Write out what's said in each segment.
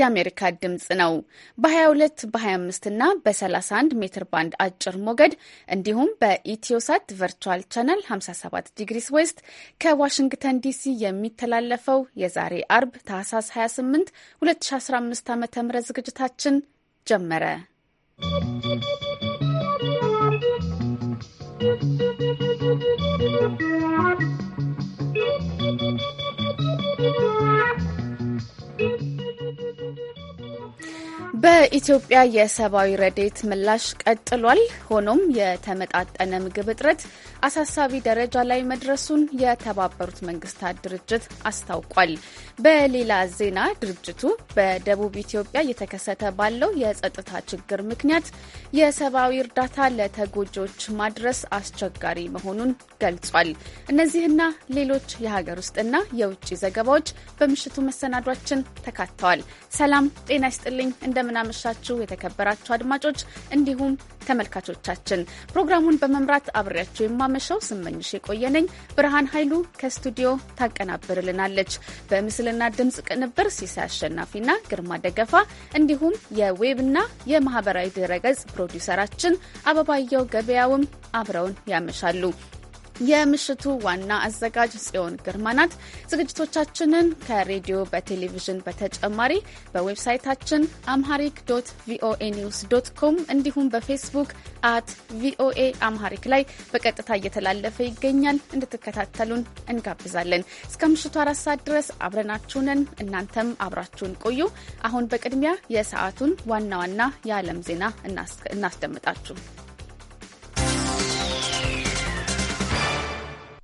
የአሜሪካ ድምፅ ነው። በ22 በ25 እና በ31 ሜትር ባንድ አጭር ሞገድ እንዲሁም በኢትዮሳት ቨርቹዋል ቻናል 57 ዲግሪስ ዌስት ከዋሽንግተን ዲሲ የሚተላለፈው የዛሬ አርብ ታህሳስ 28 2015 ዓ ም ዝግጅታችን ጀመረ። ¶¶ በኢትዮጵያ የሰብአዊ ረዴት ምላሽ ቀጥሏል። ሆኖም የተመጣጠነ ምግብ እጥረት አሳሳቢ ደረጃ ላይ መድረሱን የተባበሩት መንግስታት ድርጅት አስታውቋል። በሌላ ዜና ድርጅቱ በደቡብ ኢትዮጵያ እየተከሰተ ባለው የጸጥታ ችግር ምክንያት የሰብአዊ እርዳታ ለተጎጂዎች ማድረስ አስቸጋሪ መሆኑን ገልጿል። እነዚህና ሌሎች የሀገር ውስጥና የውጭ ዘገባዎች በምሽቱ መሰናዷችን ተካተዋል። ሰላም ጤና ይስጥልኝ እንደ እንደምናመሻችሁ የተከበራችሁ አድማጮች እንዲሁም ተመልካቾቻችን ፕሮግራሙን በመምራት አብሬያችሁ የማመሸው ስመኝሽ የቆየነኝ ብርሃን ኃይሉ ከስቱዲዮ ታቀናብርልናለች። በምስልና ድምፅ ቅንብር ሲሳ አሸናፊና ግርማ ደገፋ እንዲሁም የዌብና የማህበራዊ ድረገጽ ፕሮዲውሰራችን አበባየው ገበያውም አብረውን ያመሻሉ። የምሽቱ ዋና አዘጋጅ ጽዮን ግርማ ናት። ዝግጅቶቻችንን ከሬዲዮ በቴሌቪዥን በተጨማሪ በዌብሳይታችን አምሃሪክ ዶት ቪኦኤ ኒውስ ዶት ኮም እንዲሁም በፌስቡክ አት ቪኦኤ አምሃሪክ ላይ በቀጥታ እየተላለፈ ይገኛል። እንድትከታተሉን እንጋብዛለን። እስከ ምሽቱ አራት ሰዓት ድረስ አብረናችሁንን እናንተም አብራችሁን ቆዩ። አሁን በቅድሚያ የሰዓቱን ዋና ዋና የዓለም ዜና እናስደምጣችሁ።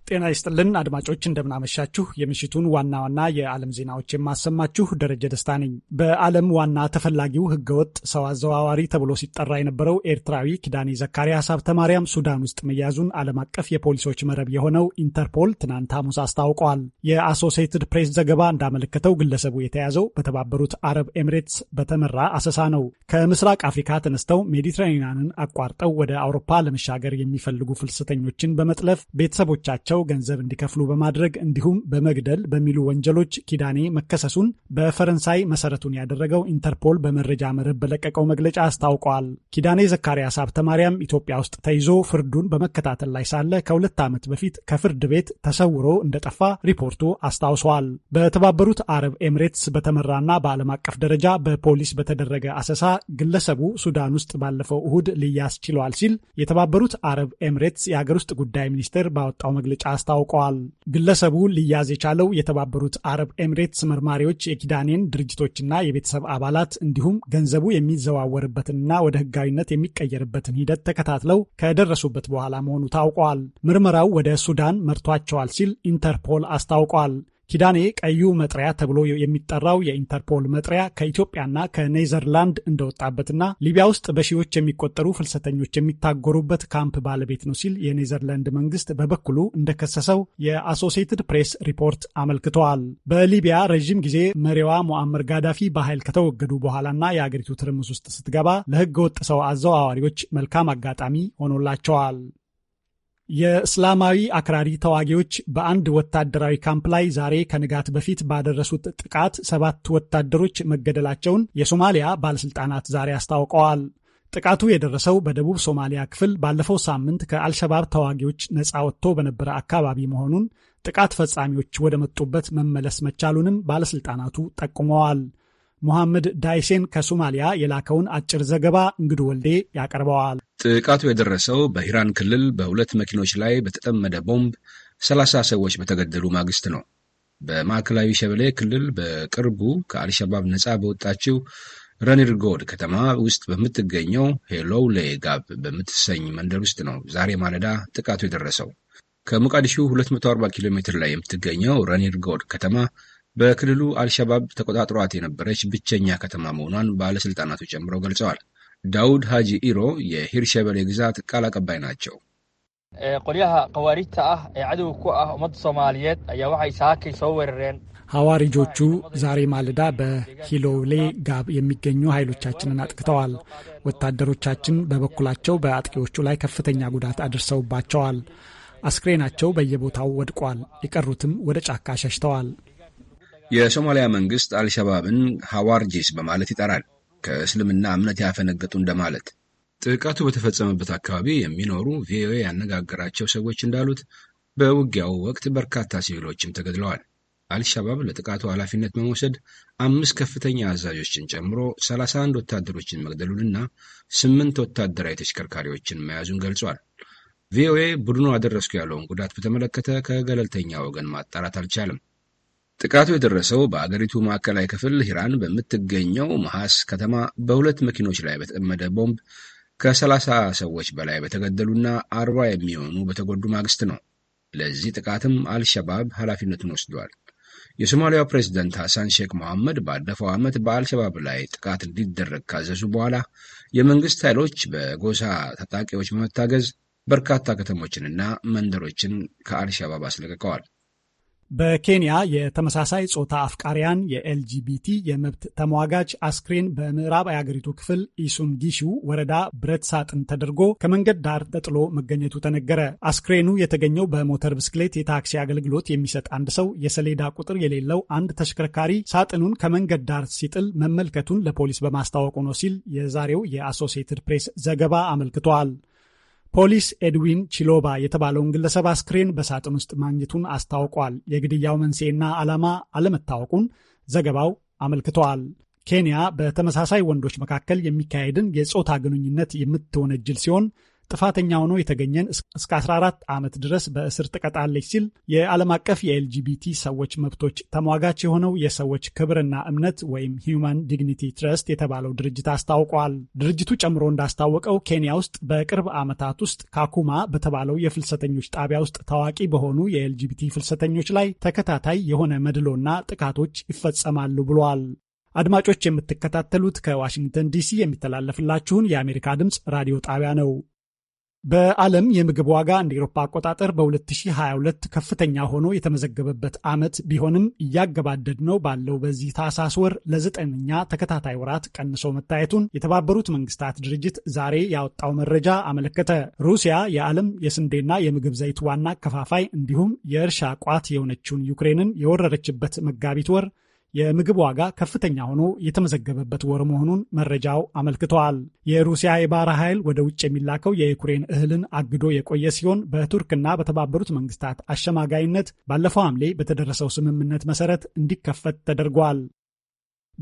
ጤና ይስጥልን አድማጮች፣ እንደምናመሻችሁ። የምሽቱን ዋና ዋና የዓለም ዜናዎች የማሰማችሁ ደረጀ ደስታ ነኝ። በዓለም ዋና ተፈላጊው ህገወጥ ሰው አዘዋዋሪ ተብሎ ሲጠራ የነበረው ኤርትራዊ ኪዳኔ ዘካሪያስ ሀብተማርያም ሱዳን ውስጥ መያዙን ዓለም አቀፍ የፖሊሶች መረብ የሆነው ኢንተርፖል ትናንት ሐሙስ አስታውቀዋል። የአሶሴትድ ፕሬስ ዘገባ እንዳመለከተው ግለሰቡ የተያዘው በተባበሩት አረብ ኤሚሬትስ በተመራ አሰሳ ነው። ከምስራቅ አፍሪካ ተነስተው ሜዲትራኒያንን አቋርጠው ወደ አውሮፓ ለመሻገር የሚፈልጉ ፍልሰተኞችን በመጥለፍ ቤተሰቦቻቸው ለመብታቸው ገንዘብ እንዲከፍሉ በማድረግ እንዲሁም በመግደል በሚሉ ወንጀሎች ኪዳኔ መከሰሱን በፈረንሳይ መሰረቱን ያደረገው ኢንተርፖል በመረጃ መረብ በለቀቀው መግለጫ አስታውቋል። ኪዳኔ ዘካርያስ ማርያም ኢትዮጵያ ውስጥ ተይዞ ፍርዱን በመከታተል ላይ ሳለ ከሁለት ዓመት በፊት ከፍርድ ቤት ተሰውሮ እንደጠፋ ሪፖርቱ አስታውሷል። በተባበሩት አረብ ኤምሬትስ በተመራና በዓለም አቀፍ ደረጃ በፖሊስ በተደረገ አሰሳ ግለሰቡ ሱዳን ውስጥ ባለፈው እሁድ ሊያስችሏል ችሏል ሲል የተባበሩት አረብ ኤምሬትስ የአገር ውስጥ ጉዳይ ሚኒስቴር ባወጣው መግለጫ አስታውቀዋል። ግለሰቡ ሊያዝ የቻለው የተባበሩት አረብ ኤሚሬትስ መርማሪዎች የኪዳኔን ድርጅቶችና የቤተሰብ አባላት እንዲሁም ገንዘቡ የሚዘዋወርበትንና ወደ ህጋዊነት የሚቀየርበትን ሂደት ተከታትለው ከደረሱበት በኋላ መሆኑ ታውቋል። ምርመራው ወደ ሱዳን መርቷቸዋል ሲል ኢንተርፖል አስታውቋል። ኪዳኔ ቀዩ መጥሪያ ተብሎ የሚጠራው የኢንተርፖል መጥሪያ ከኢትዮጵያና ከኔዘርላንድ እንደወጣበትና ሊቢያ ውስጥ በሺዎች የሚቆጠሩ ፍልሰተኞች የሚታጎሩበት ካምፕ ባለቤት ነው ሲል የኔዘርላንድ መንግስት በበኩሉ እንደከሰሰው የአሶሴትድ ፕሬስ ሪፖርት አመልክተዋል። በሊቢያ ረዥም ጊዜ መሪዋ ሞአምር ጋዳፊ በኃይል ከተወገዱ በኋላና የአገሪቱ ትርምስ ውስጥ ስትገባ ለህገ ወጥ ሰው አዘዋዋሪዎች መልካም አጋጣሚ ሆኖላቸዋል። የእስላማዊ አክራሪ ተዋጊዎች በአንድ ወታደራዊ ካምፕ ላይ ዛሬ ከንጋት በፊት ባደረሱት ጥቃት ሰባት ወታደሮች መገደላቸውን የሶማሊያ ባለሥልጣናት ዛሬ አስታውቀዋል። ጥቃቱ የደረሰው በደቡብ ሶማሊያ ክፍል ባለፈው ሳምንት ከአልሸባብ ተዋጊዎች ነፃ ወጥቶ በነበረ አካባቢ መሆኑን ጥቃት ፈጻሚዎች ወደ መጡበት መመለስ መቻሉንም ባለሥልጣናቱ ጠቁመዋል። ሙሐመድ ዳይሴን ከሶማሊያ የላከውን አጭር ዘገባ እንግዱ ወልዴ ያቀርበዋል። ጥቃቱ የደረሰው በሂራን ክልል በሁለት መኪኖች ላይ በተጠመደ ቦምብ 30 ሰዎች በተገደሉ ማግስት ነው። በማዕከላዊ ሸበሌ ክልል በቅርቡ ከአልሸባብ ነፃ በወጣችው ረኒርጎድ ከተማ ውስጥ በምትገኘው ሄሎውሌ ጋብ በምትሰኝ መንደር ውስጥ ነው ዛሬ ማለዳ ጥቃቱ የደረሰው። ከሞቃዲሹ 240 ኪሎ ሜትር ላይ የምትገኘው ረኒርጎድ ከተማ በክልሉ አልሸባብ ተቆጣጥሯት የነበረች ብቸኛ ከተማ መሆኗን ባለሥልጣናቱ ጨምረው ገልጸዋል። ዳውድ ሃጂ ኢሮ የሂርሸበሌ ግዛት ቃል አቀባይ ናቸው። eh, qoryaha ቀዋሪጅተ ah ee cadowga ku ah ummadda soomaaliyeed ayaa waxay saakay soo ሐዋሪጆቹ ዛሬ ማለዳ በሂሎሌ ጋብ የሚገኙ ኃይሎቻችንን አጥቅተዋል። ወታደሮቻችን በበኩላቸው በአጥቂዎቹ ላይ ከፍተኛ ጉዳት አድርሰውባቸዋል። አስክሬናቸው በየቦታው ወድቋል። የቀሩትም ወደ ጫካ ሸሽተዋል። የሶማሊያ መንግስት አልሸባብን ሐዋርጂስ በማለት ይጠራል። ከእስልምና እምነት ያፈነገጡ እንደማለት። ጥቃቱ በተፈጸመበት አካባቢ የሚኖሩ ቪኦኤ ያነጋገራቸው ሰዎች እንዳሉት በውጊያው ወቅት በርካታ ሲቪሎችም ተገድለዋል። አልሻባብ ለጥቃቱ ኃላፊነት በመውሰድ አምስት ከፍተኛ አዛዦችን ጨምሮ 31 ወታደሮችን መግደሉንና ስምንት ወታደራዊ ተሽከርካሪዎችን መያዙን ገልጿል። ቪኦኤ ቡድኑ አደረስኩ ያለውን ጉዳት በተመለከተ ከገለልተኛ ወገን ማጣራት አልቻለም። ጥቃቱ የደረሰው በአገሪቱ ማዕከላዊ ክፍል ሂራን በምትገኘው መሐስ ከተማ በሁለት መኪኖች ላይ በተጠመደ ቦምብ ከሰላሳ ሰዎች በላይ በተገደሉና አርባ የሚሆኑ በተጎዱ ማግስት ነው። ለዚህ ጥቃትም አልሸባብ ኃላፊነቱን ወስዷል። የሶማሊያው ፕሬዚደንት ሐሳን ሼክ መሐመድ ባለፈው ዓመት በአልሸባብ ላይ ጥቃት እንዲደረግ ካዘዙ በኋላ የመንግሥት ኃይሎች በጎሳ ታጣቂዎች በመታገዝ በርካታ ከተሞችንና መንደሮችን ከአልሸባብ አስለቅቀዋል። በኬንያ የተመሳሳይ ጾታ አፍቃሪያን የኤልጂቢቲ የመብት ተሟጋች አስክሬን በምዕራብ የአገሪቱ ክፍል ኢሱንጊሹ ወረዳ ብረት ሳጥን ተደርጎ ከመንገድ ዳር ተጥሎ መገኘቱ ተነገረ። አስክሬኑ የተገኘው በሞተር ብስክሌት የታክሲ አገልግሎት የሚሰጥ አንድ ሰው የሰሌዳ ቁጥር የሌለው አንድ ተሽከርካሪ ሳጥኑን ከመንገድ ዳር ሲጥል መመልከቱን ለፖሊስ በማስታወቁ ነው ሲል የዛሬው የአሶሲየትድ ፕሬስ ዘገባ አመልክቷል። ፖሊስ ኤድዊን ቺሎባ የተባለውን ግለሰብ አስክሬን በሳጥን ውስጥ ማግኘቱን አስታውቋል። የግድያው መንስኤና ዓላማ አለመታወቁን ዘገባው አመልክተዋል። ኬንያ በተመሳሳይ ወንዶች መካከል የሚካሄድን የጾታ ግንኙነት የምትወነጅል ሲሆን ጥፋተኛ ሆኖ የተገኘን እስከ 14 ዓመት ድረስ በእስር ትቀጣለች ሲል የዓለም አቀፍ የኤልጂቢቲ ሰዎች መብቶች ተሟጋች የሆነው የሰዎች ክብርና እምነት ወይም ሂዩማን ዲግኒቲ ትረስት የተባለው ድርጅት አስታውቋል። ድርጅቱ ጨምሮ እንዳስታወቀው ኬንያ ውስጥ በቅርብ ዓመታት ውስጥ ካኩማ በተባለው የፍልሰተኞች ጣቢያ ውስጥ ታዋቂ በሆኑ የኤልጂቢቲ ፍልሰተኞች ላይ ተከታታይ የሆነ መድሎና ጥቃቶች ይፈጸማሉ ብሏል። አድማጮች የምትከታተሉት ከዋሽንግተን ዲሲ የሚተላለፍላችሁን የአሜሪካ ድምፅ ራዲዮ ጣቢያ ነው። በዓለም የምግብ ዋጋ እንደ ኤሮፓ አቆጣጠር በ2022 ከፍተኛ ሆኖ የተመዘገበበት ዓመት ቢሆንም እያገባደድ ነው ባለው በዚህ ታህሳስ ወር ለዘጠነኛ ተከታታይ ወራት ቀንሶ መታየቱን የተባበሩት መንግስታት ድርጅት ዛሬ ያወጣው መረጃ አመለከተ። ሩሲያ የዓለም የስንዴና የምግብ ዘይት ዋና ከፋፋይ እንዲሁም የእርሻ ቋት የሆነችውን ዩክሬንን የወረረችበት መጋቢት ወር የምግብ ዋጋ ከፍተኛ ሆኖ የተመዘገበበት ወር መሆኑን መረጃው አመልክተዋል። የሩሲያ የባህር ኃይል ወደ ውጭ የሚላከው የዩክሬን እህልን አግዶ የቆየ ሲሆን በቱርክና በተባበሩት መንግስታት አሸማጋይነት ባለፈው ሐምሌ በተደረሰው ስምምነት መሰረት እንዲከፈት ተደርጓል።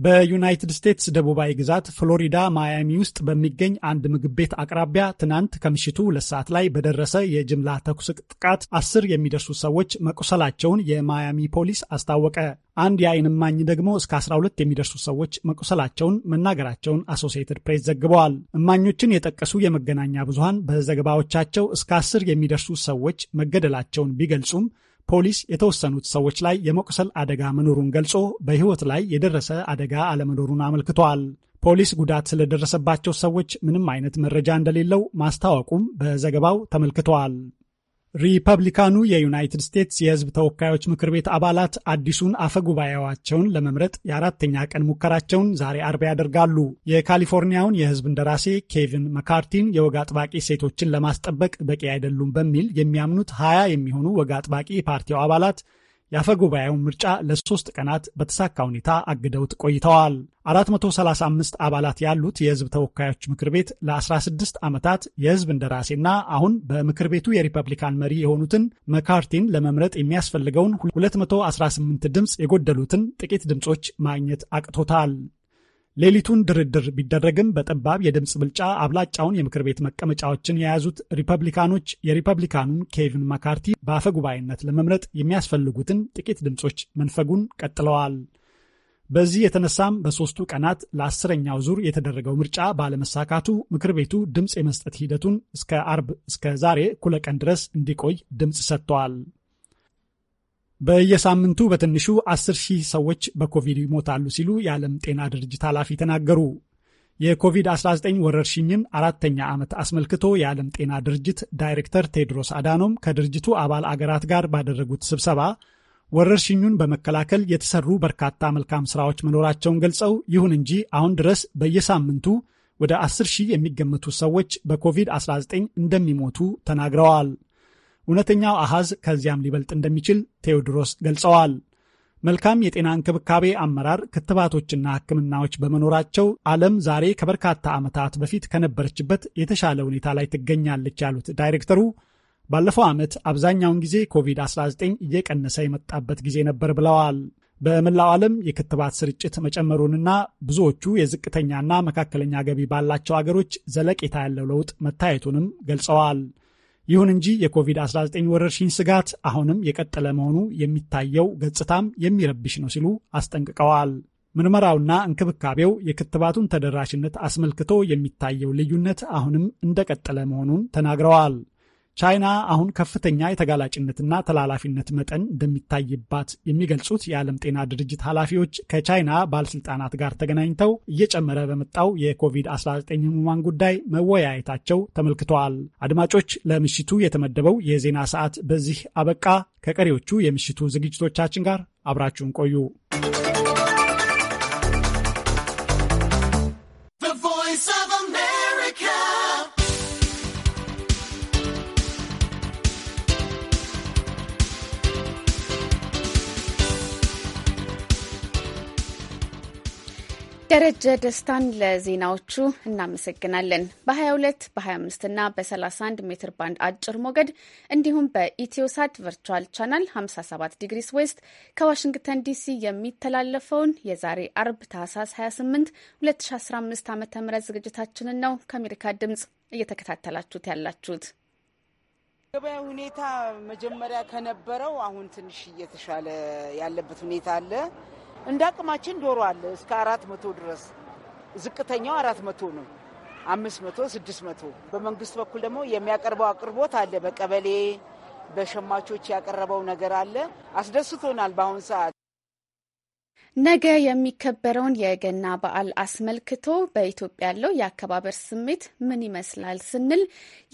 በዩናይትድ ስቴትስ ደቡባዊ ግዛት ፍሎሪዳ ማያሚ ውስጥ በሚገኝ አንድ ምግብ ቤት አቅራቢያ ትናንት ከምሽቱ ሁለት ሰዓት ላይ በደረሰ የጅምላ ተኩስ ጥቃት አስር የሚደርሱ ሰዎች መቁሰላቸውን የማያሚ ፖሊስ አስታወቀ። አንድ የአይን እማኝ ደግሞ እስከ 12 የሚደርሱ ሰዎች መቁሰላቸውን መናገራቸውን አሶሲየትድ ፕሬስ ዘግበዋል። እማኞችን የጠቀሱ የመገናኛ ብዙሃን በዘገባዎቻቸው እስከ አስር የሚደርሱ ሰዎች መገደላቸውን ቢገልጹም ፖሊስ የተወሰኑት ሰዎች ላይ የመቁሰል አደጋ መኖሩን ገልጾ በሕይወት ላይ የደረሰ አደጋ አለመኖሩን አመልክቷል። ፖሊስ ጉዳት ስለደረሰባቸው ሰዎች ምንም አይነት መረጃ እንደሌለው ማስታወቁም በዘገባው ተመልክተዋል። ሪፐብሊካኑ የዩናይትድ ስቴትስ የሕዝብ ተወካዮች ምክር ቤት አባላት አዲሱን አፈ ጉባኤዋቸውን ለመምረጥ የአራተኛ ቀን ሙከራቸውን ዛሬ አርብ ያደርጋሉ። የካሊፎርኒያውን የሕዝብ እንደራሴ ኬቪን መካርቲን የወግ አጥባቂ ሴቶችን ለማስጠበቅ በቂ አይደሉም በሚል የሚያምኑት ሀያ የሚሆኑ ወግ አጥባቂ ፓርቲው አባላት የአፈጉባኤው ምርጫ ለሶስት ቀናት በተሳካ ሁኔታ አግደውት ቆይተዋል። 435 አባላት ያሉት የህዝብ ተወካዮች ምክር ቤት ለ16 ዓመታት የህዝብ እንደራሴና አሁን በምክር ቤቱ የሪፐብሊካን መሪ የሆኑትን መካርቲን ለመምረጥ የሚያስፈልገውን 218 ድምፅ የጎደሉትን ጥቂት ድምፆች ማግኘት አቅቶታል። ሌሊቱን ድርድር ቢደረግም በጠባብ የድምፅ ብልጫ አብላጫውን የምክር ቤት መቀመጫዎችን የያዙት ሪፐብሊካኖች የሪፐብሊካኑን ኬቪን ማካርቲ በአፈ ጉባኤነት ለመምረጥ የሚያስፈልጉትን ጥቂት ድምፆች መንፈጉን ቀጥለዋል። በዚህ የተነሳም በሦስቱ ቀናት ለአስረኛው ዙር የተደረገው ምርጫ ባለመሳካቱ ምክር ቤቱ ድምፅ የመስጠት ሂደቱን እስከ አርብ እስከ ዛሬ እኩለ ቀን ድረስ እንዲቆይ ድምፅ ሰጥተዋል። በየሳምንቱ በትንሹ አስር ሺህ ሰዎች በኮቪድ ይሞታሉ ሲሉ የዓለም ጤና ድርጅት ኃላፊ ተናገሩ። የኮቪድ-19 ወረርሽኝን አራተኛ ዓመት አስመልክቶ የዓለም ጤና ድርጅት ዳይሬክተር ቴድሮስ አዳኖም ከድርጅቱ አባል አገራት ጋር ባደረጉት ስብሰባ ወረርሽኙን በመከላከል የተሰሩ በርካታ መልካም ስራዎች መኖራቸውን ገልጸው ይሁን እንጂ አሁን ድረስ በየሳምንቱ ወደ 10 ሺህ የሚገመቱ ሰዎች በኮቪድ-19 እንደሚሞቱ ተናግረዋል። እውነተኛው አሃዝ ከዚያም ሊበልጥ እንደሚችል ቴዎድሮስ ገልጸዋል። መልካም የጤና እንክብካቤ አመራር፣ ክትባቶችና ሕክምናዎች በመኖራቸው ዓለም ዛሬ ከበርካታ ዓመታት በፊት ከነበረችበት የተሻለ ሁኔታ ላይ ትገኛለች ያሉት ዳይሬክተሩ ባለፈው ዓመት አብዛኛውን ጊዜ ኮቪድ-19 እየቀነሰ የመጣበት ጊዜ ነበር ብለዋል። በመላው ዓለም የክትባት ስርጭት መጨመሩንና ብዙዎቹ የዝቅተኛና መካከለኛ ገቢ ባላቸው አገሮች ዘለቄታ ያለው ለውጥ መታየቱንም ገልጸዋል። ይሁን እንጂ የኮቪድ-19 ወረርሽኝ ስጋት አሁንም የቀጠለ መሆኑ የሚታየው ገጽታም የሚረብሽ ነው ሲሉ አስጠንቅቀዋል። ምርመራውና እንክብካቤው የክትባቱን ተደራሽነት አስመልክቶ የሚታየው ልዩነት አሁንም እንደቀጠለ መሆኑን ተናግረዋል። ቻይና አሁን ከፍተኛ የተጋላጭነትና ተላላፊነት መጠን እንደሚታይባት የሚገልጹት የዓለም ጤና ድርጅት ኃላፊዎች ከቻይና ባለስልጣናት ጋር ተገናኝተው እየጨመረ በመጣው የኮቪድ-19 ህሙማን ጉዳይ መወያየታቸው ተመልክተዋል። አድማጮች፣ ለምሽቱ የተመደበው የዜና ሰዓት በዚህ አበቃ። ከቀሪዎቹ የምሽቱ ዝግጅቶቻችን ጋር አብራችሁን ቆዩ። ደረጀ ደስታን ለዜናዎቹ እናመሰግናለን። በ22 በ25 እና በ31 ሜትር ባንድ አጭር ሞገድ እንዲሁም በኢትዮሳት ቨርቹዋል ቻናል 57 ዲግሪስ ዌስት ከዋሽንግተን ዲሲ የሚተላለፈውን የዛሬ አርብ ታህሳስ 28 2015 ዓ ም ዝግጅታችንን ነው ከአሜሪካ ድምጽ እየተከታተላችሁት ያላችሁት። ገበያ ሁኔታ መጀመሪያ ከነበረው አሁን ትንሽ እየተሻለ ያለበት ሁኔታ አለ። እንደ አቅማችን ዶሮ አለ እስከ አራት መቶ ድረስ ዝቅተኛው አራት መቶ ነው። አምስት መቶ ስድስት መቶ በመንግስት በኩል ደግሞ የሚያቀርበው አቅርቦት አለ። በቀበሌ በሸማቾች ያቀረበው ነገር አለ። አስደስቶናል። በአሁን ሰዓት ነገ የሚከበረውን የገና በዓል አስመልክቶ በኢትዮጵያ ያለው የአከባበር ስሜት ምን ይመስላል ስንል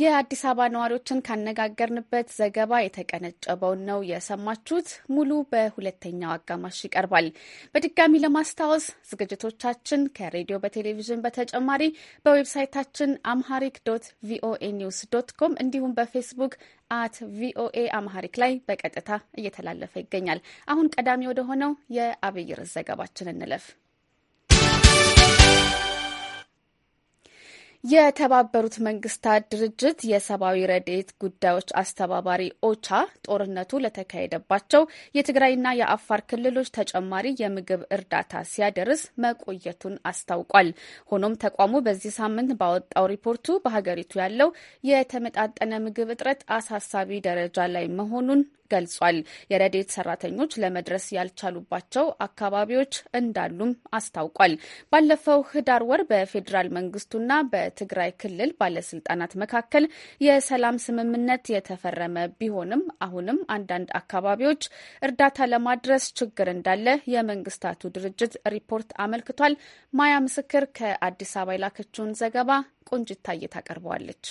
የአዲስ አበባ ነዋሪዎችን ካነጋገርንበት ዘገባ የተቀነጨበውን ነው የሰማችሁት። ሙሉ በሁለተኛው አጋማሽ ይቀርባል። በድጋሚ ለማስታወስ ዝግጅቶቻችን ከሬዲዮ በቴሌቪዥን በተጨማሪ በዌብሳይታችን አምሃሪክ ዶት ቪኦኤ ኒውስ ዶት ኮም እንዲሁም በፌስቡክ አት ቪኦኤ አማሐሪክ ላይ በቀጥታ እየተላለፈ ይገኛል። አሁን ቀዳሚ ወደ ሆነው የአብይር ዘገባችን እንለፍ። የተባበሩት መንግስታት ድርጅት የሰብአዊ ረድኤት ጉዳዮች አስተባባሪ ኦቻ ጦርነቱ ለተካሄደባቸው የትግራይና የአፋር ክልሎች ተጨማሪ የምግብ እርዳታ ሲያደርስ መቆየቱን አስታውቋል። ሆኖም ተቋሙ በዚህ ሳምንት ባወጣው ሪፖርቱ በሀገሪቱ ያለው የተመጣጠነ ምግብ እጥረት አሳሳቢ ደረጃ ላይ መሆኑን ገልጿል። የረዴት ሰራተኞች ለመድረስ ያልቻሉባቸው አካባቢዎች እንዳሉም አስታውቋል። ባለፈው ህዳር ወር በፌዴራል መንግስቱና በትግራይ ክልል ባለስልጣናት መካከል የሰላም ስምምነት የተፈረመ ቢሆንም አሁንም አንዳንድ አካባቢዎች እርዳታ ለማድረስ ችግር እንዳለ የመንግስታቱ ድርጅት ሪፖርት አመልክቷል። ማያ ምስክር ከአዲስ አበባ የላከችውን ዘገባ ቆንጅታ እየታቀርበዋለች።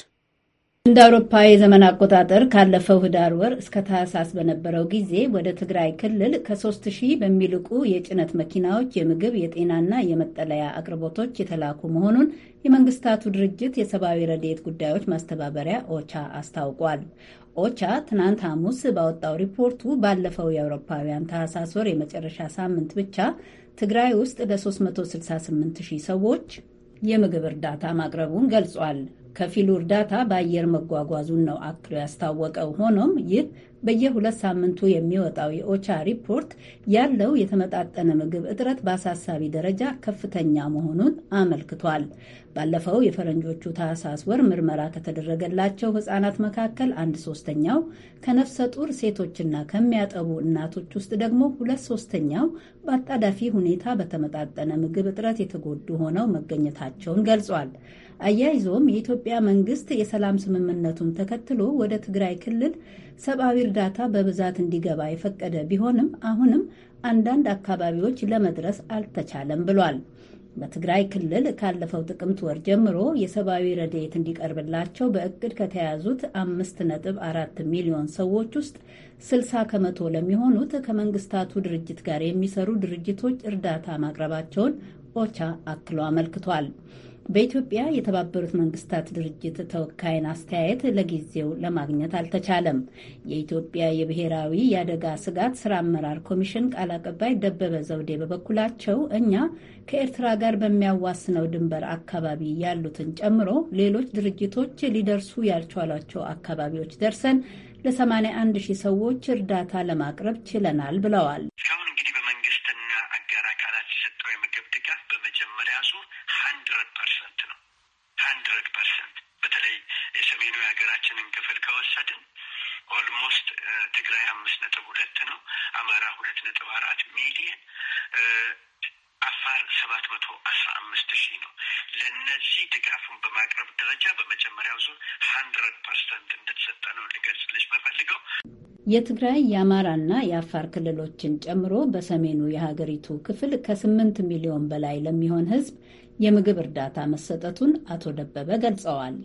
እንደ አውሮፓ የዘመን አቆጣጠር ካለፈው ህዳር ወር እስከ ታህሳስ በነበረው ጊዜ ወደ ትግራይ ክልል ከሶስት ሺህ በሚልቁ የጭነት መኪናዎች የምግብ የጤናና የመጠለያ አቅርቦቶች የተላኩ መሆኑን የመንግስታቱ ድርጅት የሰብአዊ ረድኤት ጉዳዮች ማስተባበሪያ ኦቻ አስታውቋል። ኦቻ ትናንት ሐሙስ ባወጣው ሪፖርቱ ባለፈው የአውሮፓውያን ታህሳስ ወር የመጨረሻ ሳምንት ብቻ ትግራይ ውስጥ ለ368 ሺህ ሰዎች የምግብ እርዳታ ማቅረቡን ገልጿል። ከፊሉ እርዳታ በአየር መጓጓዙን ነው አክሎ ያስታወቀው። ሆኖም ይህ በየሁለት ሳምንቱ የሚወጣው የኦቻ ሪፖርት ያለው የተመጣጠነ ምግብ እጥረት በአሳሳቢ ደረጃ ከፍተኛ መሆኑን አመልክቷል። ባለፈው የፈረንጆቹ ታህሳስ ወር ምርመራ ከተደረገላቸው ህጻናት መካከል አንድ ሶስተኛው፣ ከነፍሰ ጡር ሴቶችና ከሚያጠቡ እናቶች ውስጥ ደግሞ ሁለት ሶስተኛው በአጣዳፊ ሁኔታ በተመጣጠነ ምግብ እጥረት የተጎዱ ሆነው መገኘታቸውን ገልጿል። አያይዞም የኢትዮጵያ መንግስት የሰላም ስምምነቱን ተከትሎ ወደ ትግራይ ክልል ሰብአዊ እርዳታ በብዛት እንዲገባ የፈቀደ ቢሆንም አሁንም አንዳንድ አካባቢዎች ለመድረስ አልተቻለም ብሏል። በትግራይ ክልል ካለፈው ጥቅምት ወር ጀምሮ የሰብአዊ ረድኤት እንዲቀርብላቸው በእቅድ ከተያዙት 5.4 ሚሊዮን ሰዎች ውስጥ 60 ከመቶ ለሚሆኑት ከመንግስታቱ ድርጅት ጋር የሚሰሩ ድርጅቶች እርዳታ ማቅረባቸውን ኦቻ አክሎ አመልክቷል። በኢትዮጵያ የተባበሩት መንግስታት ድርጅት ተወካይን አስተያየት ለጊዜው ለማግኘት አልተቻለም። የኢትዮጵያ የብሔራዊ የአደጋ ስጋት ስራ አመራር ኮሚሽን ቃል አቀባይ ደበበ ዘውዴ በበኩላቸው እኛ ከኤርትራ ጋር በሚያዋስነው ድንበር አካባቢ ያሉትን ጨምሮ ሌሎች ድርጅቶች ሊደርሱ ያልቻሏቸው አካባቢዎች ደርሰን ለ81 ሺህ ሰዎች እርዳታ ለማቅረብ ችለናል ብለዋል። አማራ ሁለት ነጥብ አራት ሚሊየን አፋር ሰባት መቶ አስራ አምስት ሺህ ነው። ለእነዚህ ድጋፉን በማቅረብ ደረጃ በመጀመሪያው ዙር ሀንድረድ ፐርሰንት እንደተሰጠ ነው ልገልጽልሽ መፈልገው። የትግራይ የአማራና የአፋር ክልሎችን ጨምሮ በሰሜኑ የሀገሪቱ ክፍል ከስምንት ሚሊዮን በላይ ለሚሆን ህዝብ የምግብ እርዳታ መሰጠቱን አቶ ደበበ ገልጸዋል።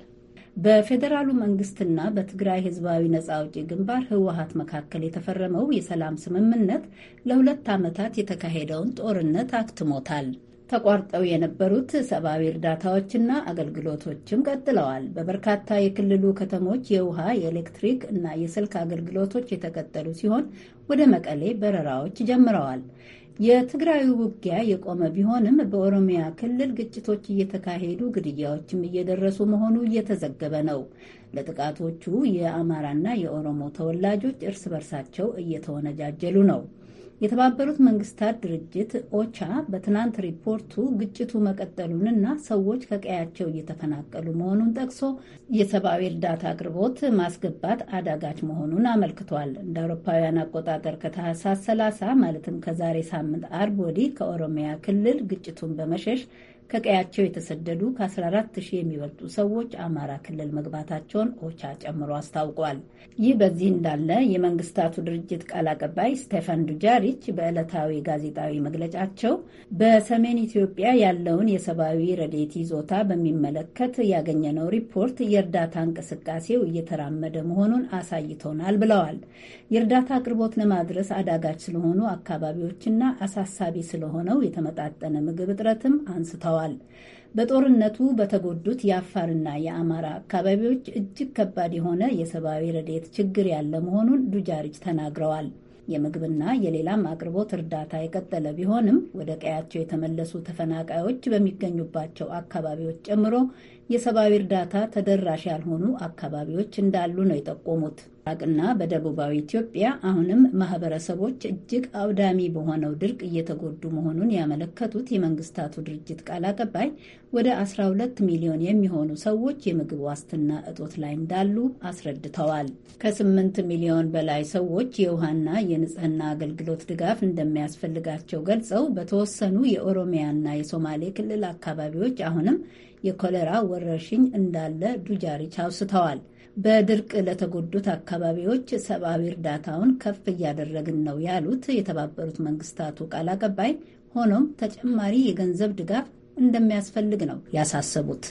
በፌዴራሉ መንግስትና በትግራይ ህዝባዊ ነጻ አውጪ ግንባር ህወሀት መካከል የተፈረመው የሰላም ስምምነት ለሁለት ዓመታት የተካሄደውን ጦርነት አክትሞታል። ተቋርጠው የነበሩት ሰብአዊ እርዳታዎችና አገልግሎቶችም ቀጥለዋል። በበርካታ የክልሉ ከተሞች የውሃ፣ የኤሌክትሪክ እና የስልክ አገልግሎቶች የተቀጠሉ ሲሆን ወደ መቀሌ በረራዎች ጀምረዋል። የትግራዩ ውጊያ የቆመ ቢሆንም በኦሮሚያ ክልል ግጭቶች እየተካሄዱ ግድያዎችም እየደረሱ መሆኑ እየተዘገበ ነው። ለጥቃቶቹ የአማራና የኦሮሞ ተወላጆች እርስ በርሳቸው እየተወነጃጀሉ ነው። የተባበሩት መንግስታት ድርጅት ኦቻ በትናንት ሪፖርቱ ግጭቱ መቀጠሉንና ሰዎች ከቀያቸው እየተፈናቀሉ መሆኑን ጠቅሶ የሰብአዊ እርዳታ አቅርቦት ማስገባት አዳጋች መሆኑን አመልክቷል። እንደ አውሮፓውያን አቆጣጠር ከታህሳስ 30 ማለትም ከዛሬ ሳምንት አርብ ወዲህ ከኦሮሚያ ክልል ግጭቱን በመሸሽ ከቀያቸው የተሰደዱ ከ14 ሺህ የሚበልጡ ሰዎች አማራ ክልል መግባታቸውን ኦቻ ጨምሮ አስታውቋል። ይህ በዚህ እንዳለ የመንግስታቱ ድርጅት ቃል አቀባይ ስቴፋን ዱጃሪች በዕለታዊ ጋዜጣዊ መግለጫቸው በሰሜን ኢትዮጵያ ያለውን የሰብአዊ ረዴት ይዞታ በሚመለከት ያገኘነው ሪፖርት የእርዳታ እንቅስቃሴው እየተራመደ መሆኑን አሳይቶናል ብለዋል። የእርዳታ አቅርቦት ለማድረስ አዳጋች ስለሆኑ አካባቢዎችና አሳሳቢ ስለሆነው የተመጣጠነ ምግብ እጥረትም አንስተዋል። ተገልጸዋል። በጦርነቱ በተጎዱት የአፋርና የአማራ አካባቢዎች እጅግ ከባድ የሆነ የሰብአዊ ረድኤት ችግር ያለ መሆኑን ዱጃሪጅ ተናግረዋል። የምግብና የሌላም አቅርቦት እርዳታ የቀጠለ ቢሆንም ወደ ቀያቸው የተመለሱ ተፈናቃዮች በሚገኙባቸው አካባቢዎች ጨምሮ የሰብአዊ እርዳታ ተደራሽ ያልሆኑ አካባቢዎች እንዳሉ ነው የጠቆሙት። ራቅና በደቡባዊ ኢትዮጵያ አሁንም ማህበረሰቦች እጅግ አውዳሚ በሆነው ድርቅ እየተጎዱ መሆኑን ያመለከቱት የመንግስታቱ ድርጅት ቃል አቀባይ ወደ 12 ሚሊዮን የሚሆኑ ሰዎች የምግብ ዋስትና እጦት ላይ እንዳሉ አስረድተዋል። ከ8 ሚሊዮን በላይ ሰዎች የውሃና የንጽህና አገልግሎት ድጋፍ እንደሚያስፈልጋቸው ገልጸው በተወሰኑ የኦሮሚያና የሶማሌ ክልል አካባቢዎች አሁንም የኮሌራ ወረርሽኝ እንዳለ ዱጃሪች አውስተዋል። በድርቅ ለተጎዱት አካባቢዎች ሰብአዊ እርዳታውን ከፍ እያደረግን ነው ያሉት የተባበሩት መንግስታቱ ቃል አቀባይ፣ ሆኖም ተጨማሪ የገንዘብ ድጋፍ እንደሚያስፈልግ ነው ያሳሰቡት።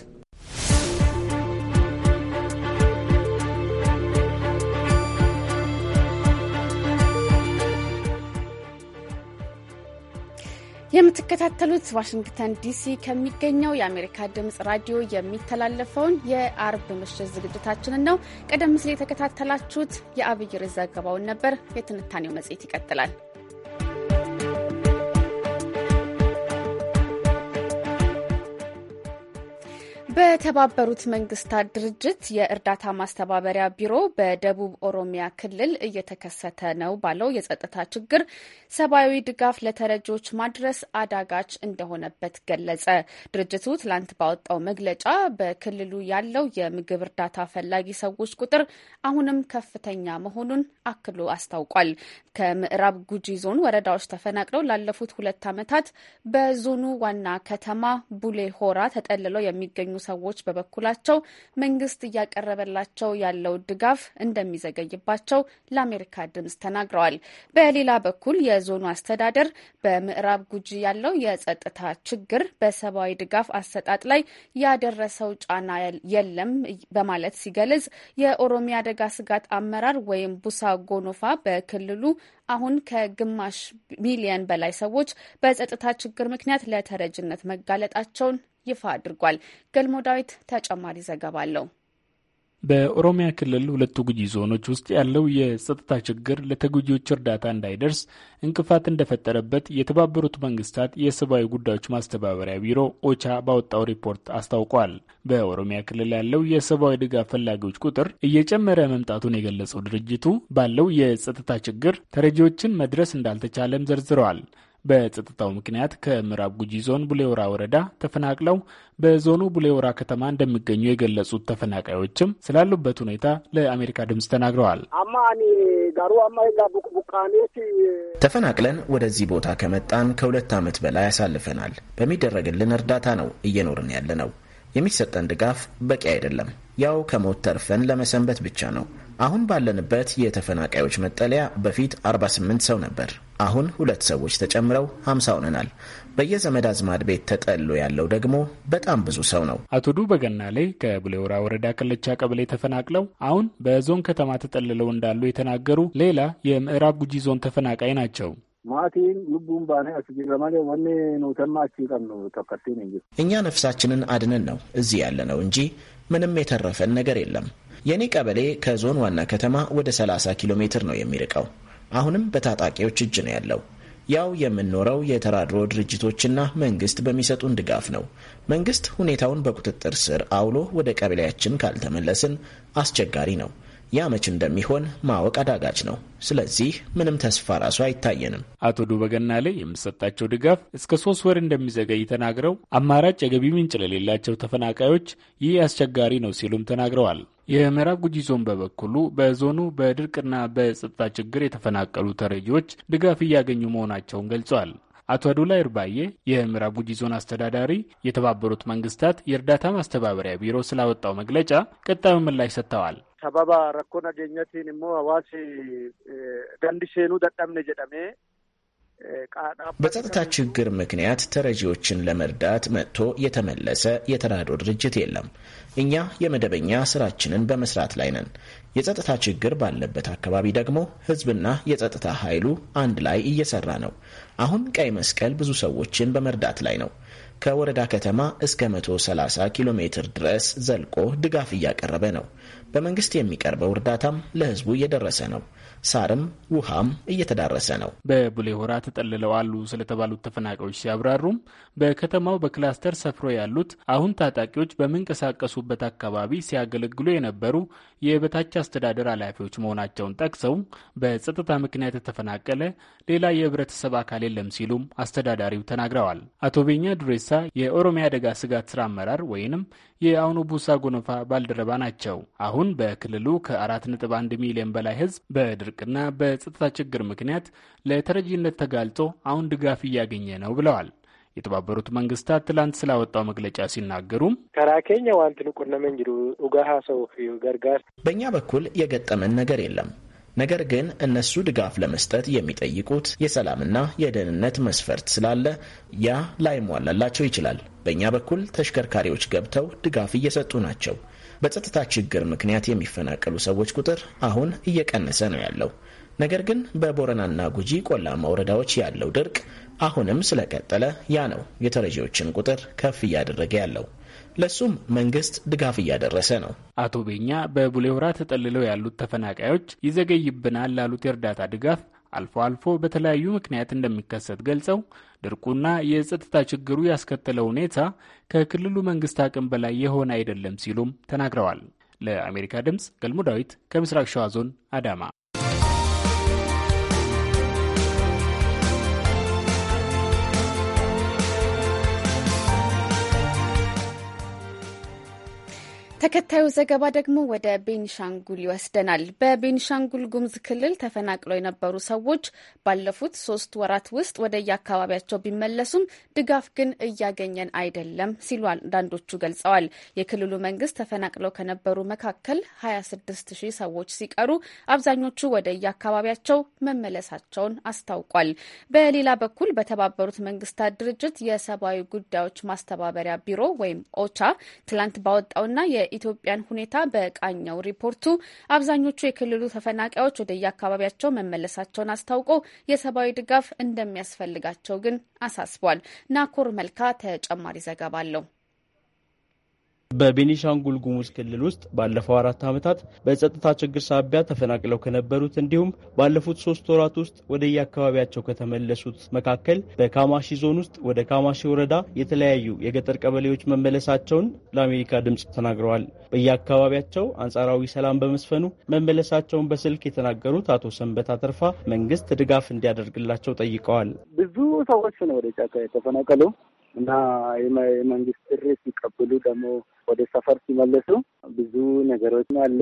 የምትከታተሉት ዋሽንግተን ዲሲ ከሚገኘው የአሜሪካ ድምፅ ራዲዮ የሚተላለፈውን የአርብ ምሽት ዝግጅታችንን ነው። ቀደም ሲል የተከታተላችሁት የአብይር ዘገባውን ነበር። የትንታኔው መጽሔት ይቀጥላል። የተባበሩት መንግስታት ድርጅት የእርዳታ ማስተባበሪያ ቢሮ በደቡብ ኦሮሚያ ክልል እየተከሰተ ነው ባለው የጸጥታ ችግር ሰብአዊ ድጋፍ ለተረጂዎች ማድረስ አዳጋች እንደሆነበት ገለጸ። ድርጅቱ ትላንት ባወጣው መግለጫ በክልሉ ያለው የምግብ እርዳታ ፈላጊ ሰዎች ቁጥር አሁንም ከፍተኛ መሆኑን አክሎ አስታውቋል። ከምዕራብ ጉጂ ዞን ወረዳዎች ተፈናቅለው ላለፉት ሁለት ዓመታት በዞኑ ዋና ከተማ ቡሌ ሆራ ተጠልለው የሚገኙ ሰዎች ቤተሰቦች በበኩላቸው መንግስት እያቀረበላቸው ያለው ድጋፍ እንደሚዘገይባቸው ለአሜሪካ ድምጽ ተናግረዋል። በሌላ በኩል የዞኑ አስተዳደር በምዕራብ ጉጂ ያለው የጸጥታ ችግር በሰብአዊ ድጋፍ አሰጣጥ ላይ ያደረሰው ጫና የለም በማለት ሲገልጽ የኦሮሚያ አደጋ ስጋት አመራር ወይም ቡሳ ጎኖፋ በክልሉ አሁን ከግማሽ ሚሊየን በላይ ሰዎች በጸጥታ ችግር ምክንያት ለተረጅነት መጋለጣቸውን ይፋ አድርጓል። ገልሞ ዳዊት ተጨማሪ ዘገባ አለው። በኦሮሚያ ክልል ሁለቱ ጉጂ ዞኖች ውስጥ ያለው የጸጥታ ችግር ለተጉጂዎች እርዳታ እንዳይደርስ እንቅፋት እንደፈጠረበት የተባበሩት መንግስታት የሰብአዊ ጉዳዮች ማስተባበሪያ ቢሮ ኦቻ ባወጣው ሪፖርት አስታውቋል። በኦሮሚያ ክልል ያለው የሰብአዊ ድጋፍ ፈላጊዎች ቁጥር እየጨመረ መምጣቱን የገለጸው ድርጅቱ ባለው የጸጥታ ችግር ተረጂዎችን መድረስ እንዳልተቻለም ዘርዝረዋል። በጸጥታው ምክንያት ከምዕራብ ጉጂ ዞን ቡሌወራ ወረዳ ተፈናቅለው በዞኑ ቡሌወራ ከተማ እንደሚገኙ የገለጹት ተፈናቃዮችም ስላሉበት ሁኔታ ለአሜሪካ ድምፅ ተናግረዋል። ተፈናቅለን ወደዚህ ቦታ ከመጣን ከሁለት ዓመት በላይ ያሳልፈናል። በሚደረግልን እርዳታ ነው እየኖርን ያለ ነው። የሚሰጠን ድጋፍ በቂ አይደለም። ያው ከሞት ተርፈን ለመሰንበት ብቻ ነው። አሁን ባለንበት የተፈናቃዮች መጠለያ በፊት 48 ሰው ነበር። አሁን ሁለት ሰዎች ተጨምረው 50 ሆነናል። በየዘመድ አዝማድ ቤት ተጠሎ ያለው ደግሞ በጣም ብዙ ሰው ነው። አቶ ዱ በገና ላይ ከቡሌ ወረዳ ከለቻ ቀበሌ ተፈናቅለው አሁን በዞን ከተማ ተጠልለው እንዳሉ የተናገሩ ሌላ የምዕራብ ጉጂ ዞን ተፈናቃይ ናቸው። እኛ ነፍሳችንን አድነን ነው እዚህ ያለ ነው እንጂ ምንም የተረፈን ነገር የለም። የኔ ቀበሌ ከዞን ዋና ከተማ ወደ 30 ኪሎ ሜትር ነው የሚርቀው። አሁንም በታጣቂዎች እጅ ነው ያለው። ያው የምንኖረው የተራድሮ ድርጅቶችና መንግስት በሚሰጡን ድጋፍ ነው። መንግስት ሁኔታውን በቁጥጥር ስር አውሎ ወደ ቀበሌያችን ካልተመለስን አስቸጋሪ ነው። ያ መች እንደሚሆን ማወቅ አዳጋች ነው። ስለዚህ ምንም ተስፋ ራሱ አይታየንም። አቶ ዱበገና ላይ የምሰጣቸው ድጋፍ እስከ ሶስት ወር እንደሚዘገይ ተናግረው አማራጭ የገቢ ምንጭ ለሌላቸው ተፈናቃዮች ይህ አስቸጋሪ ነው ሲሉም ተናግረዋል። የምዕራብ ጉጂ ዞን በበኩሉ በዞኑ በድርቅና በጸጥታ ችግር የተፈናቀሉ ተረጂዎች ድጋፍ እያገኙ መሆናቸውን ገልጿል። አቶ አዱላ ይርባዬ የምዕራብ ጉጂ ዞን አስተዳዳሪ የተባበሩት መንግስታት የእርዳታ ማስተባበሪያ ቢሮ ስላወጣው መግለጫ ቀጣዩ ምላሽ ሰጥተዋል። ሰበባ ረኮ ነገኘቲን ሞ ሀዋሲ ገንዲሴኑ ደቀምነ ጀጠሜ በጸጥታ ችግር ምክንያት ተረጂዎችን ለመርዳት መጥቶ የተመለሰ የተራዶ ድርጅት የለም። እኛ የመደበኛ ስራችንን በመስራት ላይ ነን። የጸጥታ ችግር ባለበት አካባቢ ደግሞ ህዝብና የጸጥታ ኃይሉ አንድ ላይ እየሰራ ነው። አሁን ቀይ መስቀል ብዙ ሰዎችን በመርዳት ላይ ነው። ከወረዳ ከተማ እስከ 130 ኪሎ ሜትር ድረስ ዘልቆ ድጋፍ እያቀረበ ነው። በመንግስት የሚቀርበው እርዳታም ለህዝቡ እየደረሰ ነው። ሳርም ውሃም እየተዳረሰ ነው። በቡሌ ሆራ ተጠልለው አሉ ስለተባሉት ተፈናቃዮች ሲያብራሩም በከተማው በክላስተር ሰፍሮ ያሉት አሁን ታጣቂዎች በሚንቀሳቀሱበት አካባቢ ሲያገለግሉ የነበሩ የበታች አስተዳደር ኃላፊዎች መሆናቸውን ጠቅሰው በጸጥታ ምክንያት የተፈናቀለ ሌላ የህብረተሰብ አካል የለም ሲሉም አስተዳዳሪው ተናግረዋል። አቶ ቤኛ ዱሬሳ የኦሮሚያ አደጋ ስጋት ስራ አመራር ወይንም የአሁኑ ቡሳ ጎነፋ ባልደረባ ናቸው። አሁን በክልሉ ከ4.1 ሚሊዮን በላይ ሕዝብ በድርቅና በጸጥታ ችግር ምክንያት ለተረጂነት ተጋልጦ አሁን ድጋፍ እያገኘ ነው ብለዋል። የተባበሩት መንግስታት ትላንት ስላወጣው መግለጫ ሲናገሩም ከራኬኛ ዋንት ኡጋሃ ሰው ገርጋር በእኛ በኩል የገጠመን ነገር የለም ነገር ግን እነሱ ድጋፍ ለመስጠት የሚጠይቁት የሰላምና የደህንነት መስፈርት ስላለ ያ ላይሟላላቸው ይችላል። በእኛ በኩል ተሽከርካሪዎች ገብተው ድጋፍ እየሰጡ ናቸው። በጸጥታ ችግር ምክንያት የሚፈናቀሉ ሰዎች ቁጥር አሁን እየቀነሰ ነው ያለው። ነገር ግን በቦረናና ጉጂ ቆላማ ወረዳዎች ያለው ድርቅ አሁንም ስለቀጠለ ያ ነው የተረጂዎችን ቁጥር ከፍ እያደረገ ያለው። ለሱም መንግስት ድጋፍ እያደረሰ ነው። አቶ ቤኛ በቡሌ ተጠልለው ያሉት ተፈናቃዮች ይዘገይብናል ላሉት የእርዳታ ድጋፍ አልፎ አልፎ በተለያዩ ምክንያት እንደሚከሰት ገልጸው ድርቁና የጸጥታ ችግሩ ያስከተለው ሁኔታ ከክልሉ መንግስት አቅም በላይ የሆነ አይደለም ሲሉም ተናግረዋል። ለአሜሪካ ድምፅ ገልሞ ዳዊት ከምስራቅ ሸዋ ዞን አዳማ ተከታዩ ዘገባ ደግሞ ወደ ቤኒሻንጉል ይወስደናል። በቤኒሻንጉል ጉሙዝ ክልል ተፈናቅለው የነበሩ ሰዎች ባለፉት ሶስት ወራት ውስጥ ወደ የአካባቢያቸው ቢመለሱም ድጋፍ ግን እያገኘን አይደለም ሲሉ አንዳንዶቹ ገልጸዋል። የክልሉ መንግስት ተፈናቅለው ከነበሩ መካከል 26 ሺህ ሰዎች ሲቀሩ አብዛኞቹ ወደ የአካባቢያቸው መመለሳቸውን አስታውቋል። በሌላ በኩል በተባበሩት መንግስታት ድርጅት የሰብአዊ ጉዳዮች ማስተባበሪያ ቢሮ ወይም ኦቻ ትላንት ባወጣውና የኢትዮጵያን ሁኔታ በቃኘው ሪፖርቱ አብዛኞቹ የክልሉ ተፈናቃዮች ወደየአካባቢያቸው መመለሳቸውን አስታውቆ የሰብአዊ ድጋፍ እንደሚያስፈልጋቸው ግን አሳስቧል። ናኮር መልካ ተጨማሪ ዘገባ አለው። በቤኒሻንጉል ጉሙዝ ክልል ውስጥ ባለፈው አራት ዓመታት በጸጥታ ችግር ሳቢያ ተፈናቅለው ከነበሩት እንዲሁም ባለፉት ሶስት ወራት ውስጥ ወደ የአካባቢያቸው ከተመለሱት መካከል በካማሺ ዞን ውስጥ ወደ ካማሺ ወረዳ የተለያዩ የገጠር ቀበሌዎች መመለሳቸውን ለአሜሪካ ድምፅ ተናግረዋል። በየአካባቢያቸው አንጻራዊ ሰላም በመስፈኑ መመለሳቸውን በስልክ የተናገሩት አቶ ሰንበት አተርፋ መንግስት ድጋፍ እንዲያደርግላቸው ጠይቀዋል። ብዙ ሰዎች ነው ወደ ጫካ የተፈናቀለው። እና የመንግስት ብር ሲቀብሉ ደግሞ ወደ ሰፈር ሲመለሱ ብዙ ነገሮች አለ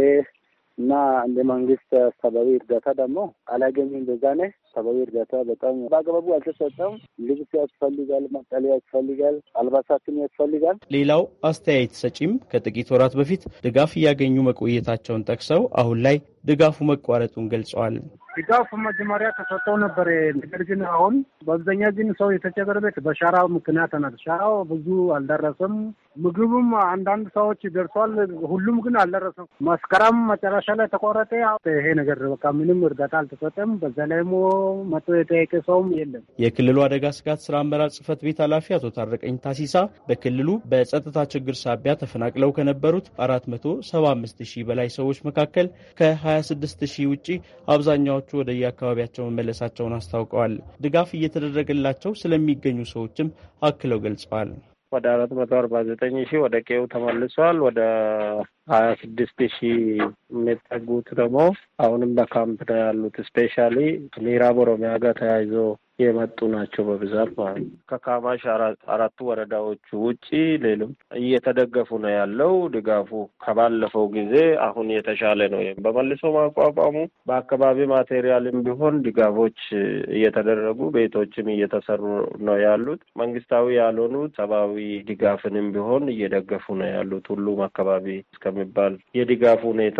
እና እንደ መንግስት ሰብአዊ እርዳታ ደግሞ አላገኝም። በዛ ነ ሰብአዊ እርዳታ በጣም በአግባቡ አልተሰጠም። ልብስ ያስፈልጋል፣ መጠለያ ያስፈልጋል፣ አልባሳትን ያስፈልጋል። ሌላው አስተያየት ሰጪም ከጥቂት ወራት በፊት ድጋፍ እያገኙ መቆየታቸውን ጠቅሰው አሁን ላይ ድጋፉ መቋረጡን ገልጸዋል። ድጋፍ መጀመሪያ ተሰጠው ነበር። ነገር ግን አሁን በአብዛኛ ግን ሰው የተቸገረበት በሻራው ምክንያት ናት። ሻራው ብዙ አልደረሰም። ምግብም አንዳንድ ሰዎች ደርሷል፣ ሁሉም ግን አልደረሰም። መስከረም መጨረሻ ላይ ተቆረጠ። ይሄ ነገር በቃ ምንም እርዳታ አልተሰጠም። በዛ ላይ ሞ መቶ የጠየቀ ሰውም የለም። የክልሉ አደጋ ስጋት ስራ አመራር ጽህፈት ቤት ኃላፊ አቶ ታረቀኝ ታሲሳ በክልሉ በጸጥታ ችግር ሳቢያ ተፈናቅለው ከነበሩት አምስት ሺህ በላይ ሰዎች መካከል ከ ስድስት ሺህ ውጪ አብዛኛው ወደ የአካባቢያቸው መመለሳቸውን አስታውቀዋል። ድጋፍ እየተደረገላቸው ስለሚገኙ ሰዎችም አክለው ገልጸዋል። ወደ አራት መቶ አርባ ዘጠኝ ሺህ ወደ ቄው ተመልሷል። ወደ ሀያ ስድስት ሺህ የሚጠጉት ደግሞ አሁንም በካምፕ ነው ያሉት። ስፔሻሊ ምዕራብ ኦሮሚያ ጋር ተያይዞ የመጡ ናቸው በብዛት ማለት ነው። ከካማሽ አራቱ ወረዳዎቹ ውጪ ሌሎም እየተደገፉ ነው ያለው። ድጋፉ ከባለፈው ጊዜ አሁን የተሻለ ነው። በመልሶ ማቋቋሙ በአካባቢ ማቴሪያልም ቢሆን ድጋፎች እየተደረጉ ቤቶችም እየተሰሩ ነው ያሉት። መንግስታዊ ያልሆኑ ሰብአዊ ድጋፍንም ቢሆን እየደገፉ ነው ያሉት። ሁሉም አካባቢ እስከሚባል የድጋፍ ሁኔታ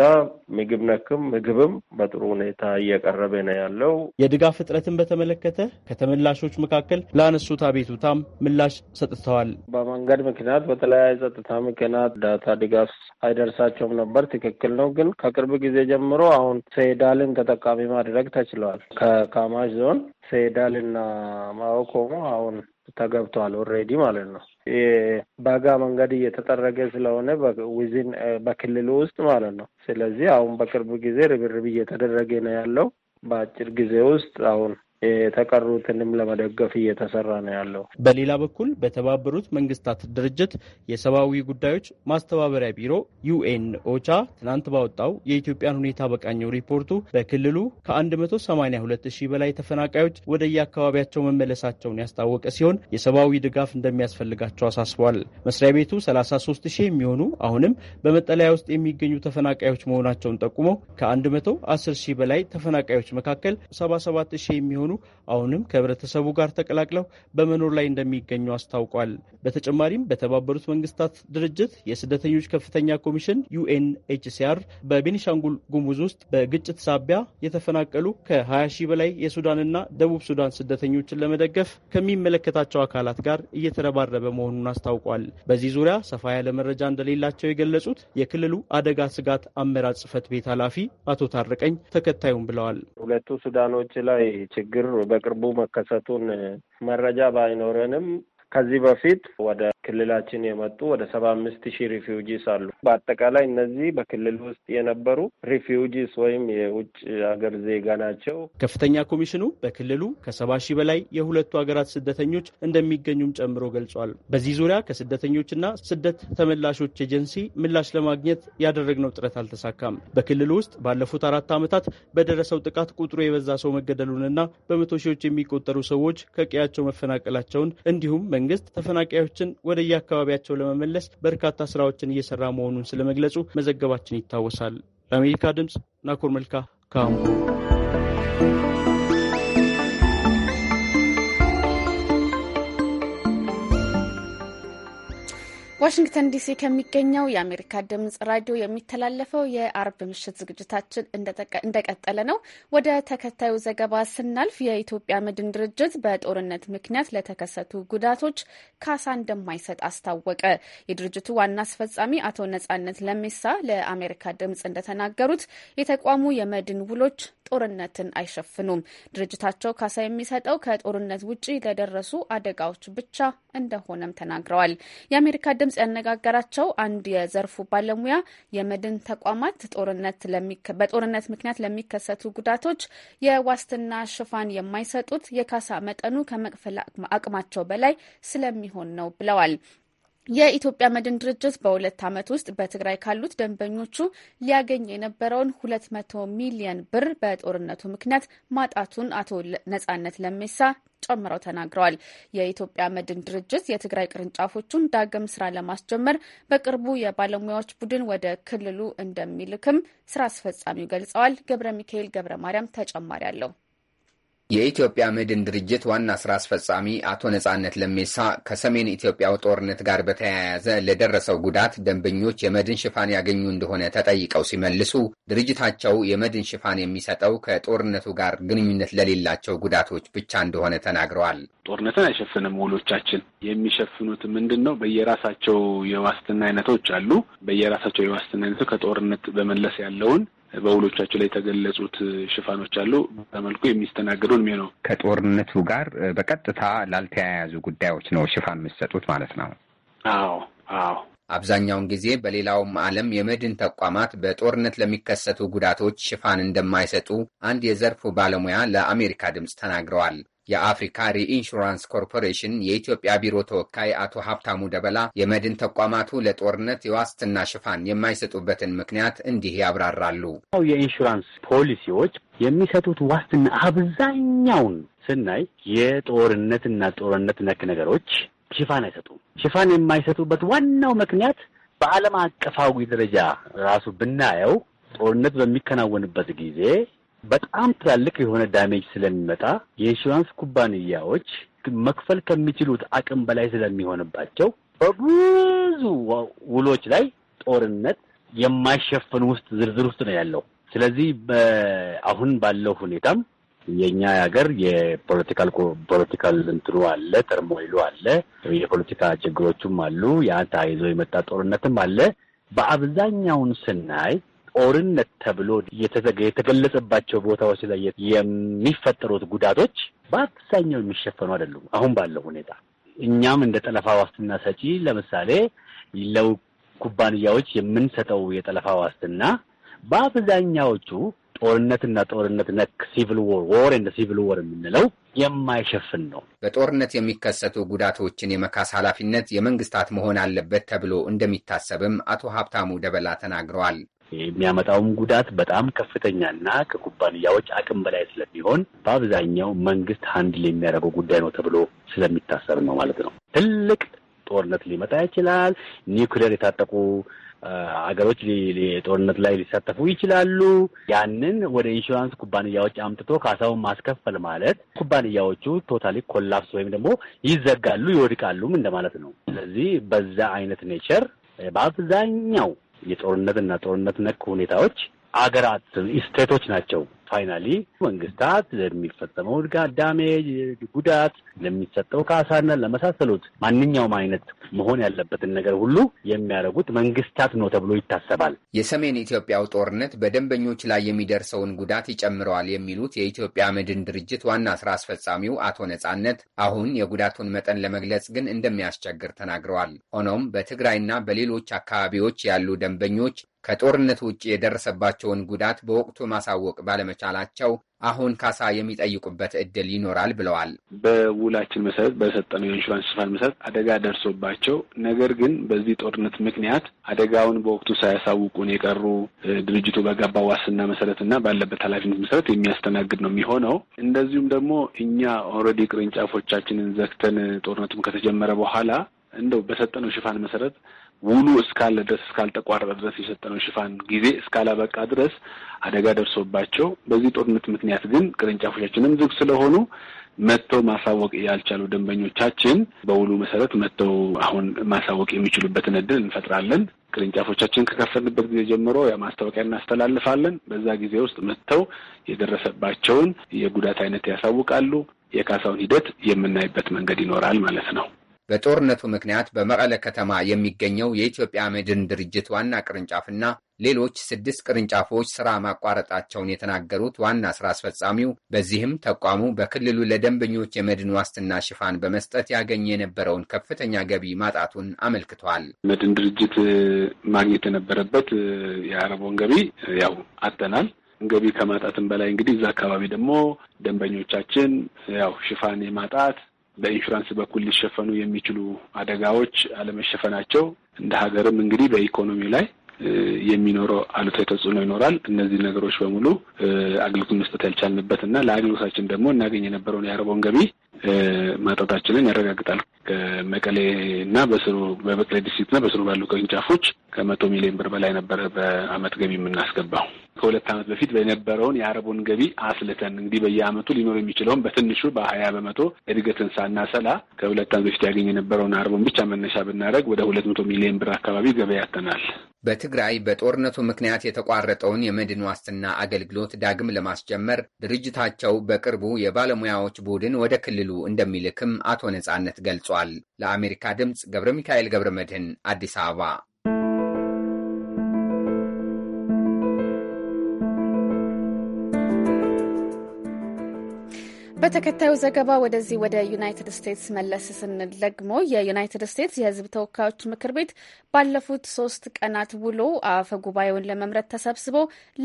ምግብ ነክም ምግብም በጥሩ ሁኔታ እየቀረበ ነው ያለው። የድጋፍ እጥረትን በተመለከተ ከተመላሾች መካከል ለአነሱት አቤቱታም ምላሽ ሰጥተዋል። በመንገድ ምክንያት በተለያየ ጸጥታ ምክንያት ዳታ ድጋፍ አይደርሳቸውም ነበር። ትክክል ነው። ግን ከቅርብ ጊዜ ጀምሮ አሁን ሴዳልን ተጠቃሚ ማድረግ ተችሏል። ከካማሽ ዞን ሴዳልና ማወኮሞ አሁን ተገብቷል ኦልሬዲ ማለት ነው። በጋ መንገድ እየተጠረገ ስለሆነ ዊዝን በክልሉ ውስጥ ማለት ነው። ስለዚህ አሁን በቅርብ ጊዜ ርብርብ እየተደረገ ነው ያለው። በአጭር ጊዜ ውስጥ አሁን የተቀሩትንም ለመደገፍ እየተሰራ ነው ያለው። በሌላ በኩል በተባበሩት መንግስታት ድርጅት የሰብአዊ ጉዳዮች ማስተባበሪያ ቢሮ ዩኤን ኦቻ ትናንት ባወጣው የኢትዮጵያን ሁኔታ በቃኘው ሪፖርቱ በክልሉ ከ182 ሺህ በላይ ተፈናቃዮች ወደየአካባቢያቸው መመለሳቸውን ያስታወቀ ሲሆን የሰብአዊ ድጋፍ እንደሚያስፈልጋቸው አሳስቧል። መስሪያ ቤቱ 33 ሺህ የሚሆኑ አሁንም በመጠለያ ውስጥ የሚገኙ ተፈናቃዮች መሆናቸውን ጠቁመው ከ110 ሺህ በላይ ተፈናቃዮች መካከል 77 ሺህ የሚሆኑ በመሆኑ አሁንም ከህብረተሰቡ ጋር ተቀላቅለው በመኖር ላይ እንደሚገኙ አስታውቋል። በተጨማሪም በተባበሩት መንግስታት ድርጅት የስደተኞች ከፍተኛ ኮሚሽን ዩኤንኤችሲአር በቤኒሻንጉል ጉሙዝ ውስጥ በግጭት ሳቢያ የተፈናቀሉ ከ20 ሺህ በላይ የሱዳንና ደቡብ ሱዳን ስደተኞችን ለመደገፍ ከሚመለከታቸው አካላት ጋር እየተረባረበ መሆኑን አስታውቋል። በዚህ ዙሪያ ሰፋ ያለ መረጃ እንደሌላቸው የገለጹት የክልሉ አደጋ ስጋት አመራር ጽህፈት ቤት ኃላፊ አቶ ታርቀኝ ተከታዩም ብለዋል። ሁለቱ ሱዳኖች ላይ ችግር ችግር በቅርቡ መከሰቱን መረጃ ባይኖረንም ከዚህ በፊት ወደ ክልላችን የመጡ ወደ ሰባ አምስት ሺህ ሪፊውጂስ አሉ። በአጠቃላይ እነዚህ በክልል ውስጥ የነበሩ ሪፊውጂስ ወይም የውጭ ሀገር ዜጋ ናቸው። ከፍተኛ ኮሚሽኑ በክልሉ ከሰባ ሺህ በላይ የሁለቱ ሀገራት ስደተኞች እንደሚገኙም ጨምሮ ገልጿል። በዚህ ዙሪያ ከስደተኞችና ስደት ተመላሾች ኤጀንሲ ምላሽ ለማግኘት ያደረግነው ጥረት አልተሳካም። በክልሉ ውስጥ ባለፉት አራት ዓመታት በደረሰው ጥቃት ቁጥሩ የበዛ ሰው መገደሉንና በመቶ ሺዎች የሚቆጠሩ ሰዎች ከቀያቸው መፈናቀላቸውን እንዲሁም መንግስት ተፈናቃዮችን ወደየአካባቢያቸው ለመመለስ በርካታ ስራዎችን እየሰራ መሆኑን ስለመግለጹ መዘገባችን ይታወሳል። ለአሜሪካ ድምፅ ናኮር መልካ ካምቦ ዋሽንግተን ዲሲ ከሚገኘው የአሜሪካ ድምጽ ራዲዮ የሚተላለፈው የአርብ ምሽት ዝግጅታችን እንደቀጠለ ነው። ወደ ተከታዩ ዘገባ ስናልፍ የኢትዮጵያ መድን ድርጅት በጦርነት ምክንያት ለተከሰቱ ጉዳቶች ካሳ እንደማይሰጥ አስታወቀ። የድርጅቱ ዋና አስፈጻሚ አቶ ነጻነት ለሜሳ ለአሜሪካ ድምጽ እንደተናገሩት የተቋሙ የመድን ውሎች ጦርነትን አይሸፍኑም። ድርጅታቸው ካሳ የሚሰጠው ከጦርነት ውጪ ለደረሱ አደጋዎች ብቻ እንደሆነም ተናግረዋል። የአሜሪካ ድምጽ ያነጋገራቸው አንድ የዘርፉ ባለሙያ የመድን ተቋማት በጦርነት ምክንያት ለሚከሰቱ ጉዳቶች የዋስትና ሽፋን የማይሰጡት የካሳ መጠኑ ከመክፈል አቅማቸው በላይ ስለሚሆን ነው ብለዋል። የኢትዮጵያ መድን ድርጅት በሁለት ዓመት ውስጥ በትግራይ ካሉት ደንበኞቹ ሊያገኝ የነበረውን ሁለት መቶ ሚሊየን ብር በጦርነቱ ምክንያት ማጣቱን አቶ ነጻነት ለሜሳ ጨምረው ተናግረዋል። የኢትዮጵያ መድን ድርጅት የትግራይ ቅርንጫፎቹን ዳግም ስራ ለማስጀመር በቅርቡ የባለሙያዎች ቡድን ወደ ክልሉ እንደሚልክም ስራ አስፈጻሚው ገልጸዋል። ገብረ ሚካኤል ገብረ ማርያም ተጨማሪ አለው። የኢትዮጵያ መድን ድርጅት ዋና ስራ አስፈጻሚ አቶ ነጻነት ለሜሳ ከሰሜን ኢትዮጵያው ጦርነት ጋር በተያያዘ ለደረሰው ጉዳት ደንበኞች የመድን ሽፋን ያገኙ እንደሆነ ተጠይቀው ሲመልሱ ድርጅታቸው የመድን ሽፋን የሚሰጠው ከጦርነቱ ጋር ግንኙነት ለሌላቸው ጉዳቶች ብቻ እንደሆነ ተናግረዋል። ጦርነትን አይሸፍንም ውሎቻችን። የሚሸፍኑት ምንድን ነው? በየራሳቸው የዋስትና አይነቶች አሉ። በየራሳቸው የዋስትና አይነቶች ከጦርነት በመለስ ያለውን በውሎቻቸው ላይ የተገለጹት ሽፋኖች አሉ። በመልኩ የሚስተናገዱ እድሜ ነው። ከጦርነቱ ጋር በቀጥታ ላልተያያዙ ጉዳዮች ነው ሽፋን የምትሰጡት ማለት ነው? አዎ፣ አዎ። አብዛኛውን ጊዜ በሌላውም ዓለም የመድን ተቋማት በጦርነት ለሚከሰቱ ጉዳቶች ሽፋን እንደማይሰጡ አንድ የዘርፉ ባለሙያ ለአሜሪካ ድምፅ ተናግረዋል። የአፍሪካ ሪኢንሹራንስ ኮርፖሬሽን የኢትዮጵያ ቢሮ ተወካይ አቶ ሀብታሙ ደበላ የመድን ተቋማቱ ለጦርነት የዋስትና ሽፋን የማይሰጡበትን ምክንያት እንዲህ ያብራራሉ። የኢንሹራንስ ፖሊሲዎች የሚሰጡት ዋስትና አብዛኛውን ስናይ የጦርነትና ጦርነት ነክ ነገሮች ሽፋን አይሰጡም። ሽፋን የማይሰጡበት ዋናው ምክንያት በዓለም አቀፋዊ ደረጃ ራሱ ብናየው ጦርነት በሚከናወንበት ጊዜ በጣም ትላልቅ የሆነ ዳሜጅ ስለሚመጣ የኢንሹራንስ ኩባንያዎች መክፈል ከሚችሉት አቅም በላይ ስለሚሆንባቸው በብዙ ውሎች ላይ ጦርነት የማይሸፍን ውስጥ ዝርዝር ውስጥ ነው ያለው። ስለዚህ አሁን ባለው ሁኔታም የእኛ ሀገር የፖለቲካል ፖለቲካል እንትኑ አለ፣ ተርሞይሉ አለ፣ የፖለቲካ ችግሮቹም አሉ። ያ ተያይዞ የመጣ ጦርነትም አለ። በአብዛኛውን ስናይ ጦርነት ተብሎ የተገለጸባቸው ቦታዎች ላይ የሚፈጠሩት ጉዳቶች በአብዛኛው የሚሸፈኑ አይደሉም። አሁን ባለው ሁኔታ እኛም እንደ ጠለፋ ዋስትና ሰጪ ለምሳሌ ለኩባንያዎች የምንሰጠው የጠለፋ ዋስትና በአብዛኛዎቹ ጦርነትና ጦርነት ነክ ሲቪል ወር ወር እንደ ሲቪል ወር የምንለው የማይሸፍን ነው። በጦርነት የሚከሰቱ ጉዳቶችን የመካስ ኃላፊነት የመንግስታት መሆን አለበት ተብሎ እንደሚታሰብም አቶ ሀብታሙ ደበላ ተናግረዋል። የሚያመጣውም ጉዳት በጣም ከፍተኛና ከኩባንያዎች አቅም በላይ ስለሚሆን በአብዛኛው መንግስት ሀንድል የሚያደርገው ጉዳይ ነው ተብሎ ስለሚታሰብ ነው ማለት ነው። ትልቅ ጦርነት ሊመጣ ይችላል። ኒውክሌር የታጠቁ አገሮች ጦርነት ላይ ሊሳተፉ ይችላሉ። ያንን ወደ ኢንሹራንስ ኩባንያዎች አምጥቶ ካሳውን ማስከፈል ማለት ኩባንያዎቹ ቶታሊ ኮላፕስ ወይም ደግሞ ይዘጋሉ፣ ይወድቃሉም እንደማለት ነው። ስለዚህ በዛ አይነት ኔቸር በአብዛኛው የጦርነትና ጦርነት ነክ ሁኔታዎች አገራት ስቴቶች ናቸው ፋይናሊ መንግስታት ለሚፈጸመው ዳሜጅ ጉዳት ለሚሰጠው ካሳና ለመሳሰሉት ማንኛውም አይነት መሆን ያለበትን ነገር ሁሉ የሚያደርጉት መንግስታት ነው ተብሎ ይታሰባል። የሰሜን ኢትዮጵያው ጦርነት በደንበኞች ላይ የሚደርሰውን ጉዳት ይጨምረዋል የሚሉት የኢትዮጵያ መድን ድርጅት ዋና ስራ አስፈጻሚው አቶ ነጻነት አሁን የጉዳቱን መጠን ለመግለጽ ግን እንደሚያስቸግር ተናግረዋል። ሆኖም በትግራይና በሌሎች አካባቢዎች ያሉ ደንበኞች ከጦርነት ውጭ የደረሰባቸውን ጉዳት በወቅቱ ማሳወቅ ባለመቻ ባለመቻላቸው አሁን ካሳ የሚጠይቁበት እድል ይኖራል ብለዋል። በውላችን መሰረት በሰጠነው የኢንሹራንስ ሽፋን መሰረት አደጋ ደርሶባቸው ነገር ግን በዚህ ጦርነት ምክንያት አደጋውን በወቅቱ ሳያሳውቁን የቀሩ ድርጅቱ በገባ ዋስትና መሰረት እና ባለበት ኃላፊነት መሰረት የሚያስተናግድ ነው የሚሆነው። እንደዚሁም ደግሞ እኛ ኦልሬዲ ቅርንጫፎቻችንን ዘግተን ጦርነቱም ከተጀመረ በኋላ እንደው በሰጠነው ሽፋን መሰረት ውሉ እስካለ ድረስ እስካልተቋረጠ ድረስ የሰጠነው ሽፋን ጊዜ እስካላበቃ ድረስ አደጋ ደርሶባቸው በዚህ ጦርነት ምክንያት ግን ቅርንጫፎቻችንም ዝግ ስለሆኑ መጥተው ማሳወቅ ያልቻሉ ደንበኞቻችን በውሉ መሰረት መጥተው አሁን ማሳወቅ የሚችሉበትን እድል እንፈጥራለን። ቅርንጫፎቻችን ከከፈትንበት ጊዜ ጀምሮ ማስታወቂያ እናስተላልፋለን። በዛ ጊዜ ውስጥ መጥተው የደረሰባቸውን የጉዳት አይነት ያሳውቃሉ። የካሳውን ሂደት የምናይበት መንገድ ይኖራል ማለት ነው። በጦርነቱ ምክንያት በመቀለ ከተማ የሚገኘው የኢትዮጵያ መድን ድርጅት ዋና ቅርንጫፍና ሌሎች ስድስት ቅርንጫፎች ስራ ማቋረጣቸውን የተናገሩት ዋና ስራ አስፈጻሚው በዚህም ተቋሙ በክልሉ ለደንበኞች የመድን ዋስትና ሽፋን በመስጠት ያገኘ የነበረውን ከፍተኛ ገቢ ማጣቱን አመልክቷል። መድን ድርጅት ማግኘት የነበረበት የአረቦን ገቢ ያው አጥተናል። ገቢ ከማጣትም በላይ እንግዲህ እዛ አካባቢ ደግሞ ደንበኞቻችን ያው ሽፋን የማጣት በኢንሹራንስ በኩል ሊሸፈኑ የሚችሉ አደጋዎች አለመሸፈናቸው እንደ ሀገርም እንግዲህ በኢኮኖሚ ላይ የሚኖረው አሉታዊ ተጽዕኖ ይኖራል። እነዚህ ነገሮች በሙሉ አገልግሎት መስጠት ያልቻልንበት እና ለአገልግሎታችን ደግሞ እናገኝ የነበረውን የአርቦን ገቢ ማጣታችንን ያረጋግጣል። ከመቀሌ እና በስሩ በመቀሌ ዲስትሪክት እና በስሩ ባሉ ቅርንጫፎች ከመቶ ሚሊዮን ብር በላይ ነበረ በአመት ገቢ የምናስገባው። ከሁለት አመት በፊት የነበረውን የአረቡን ገቢ አስልተን እንግዲህ በየአመቱ ሊኖር የሚችለውን በትንሹ በሀያ በመቶ እድገትን ሳናሰላ ከሁለት አመት በፊት ያገኝ የነበረውን አርቦን ብቻ መነሻ ብናደረግ ወደ ሁለት መቶ ሚሊዮን ብር አካባቢ ገበያ በትግራይ በጦርነቱ ምክንያት የተቋረጠውን የመድን ዋስትና አገልግሎት ዳግም ለማስጀመር ድርጅታቸው በቅርቡ የባለሙያዎች ቡድን ወደ ክልሉ እንደሚልክም አቶ ነጻነት ገልጿል። ለአሜሪካ ድምፅ ገብረ ሚካኤል ገብረ መድህን አዲስ አበባ በተከታዩ ዘገባ ወደዚህ ወደ ዩናይትድ ስቴትስ መለስ ስንል ደግሞ የዩናይትድ ስቴትስ የሕዝብ ተወካዮች ምክር ቤት ባለፉት ሶስት ቀናት ውሎ አፈ ጉባኤውን ለመምረጥ ተሰብስቦ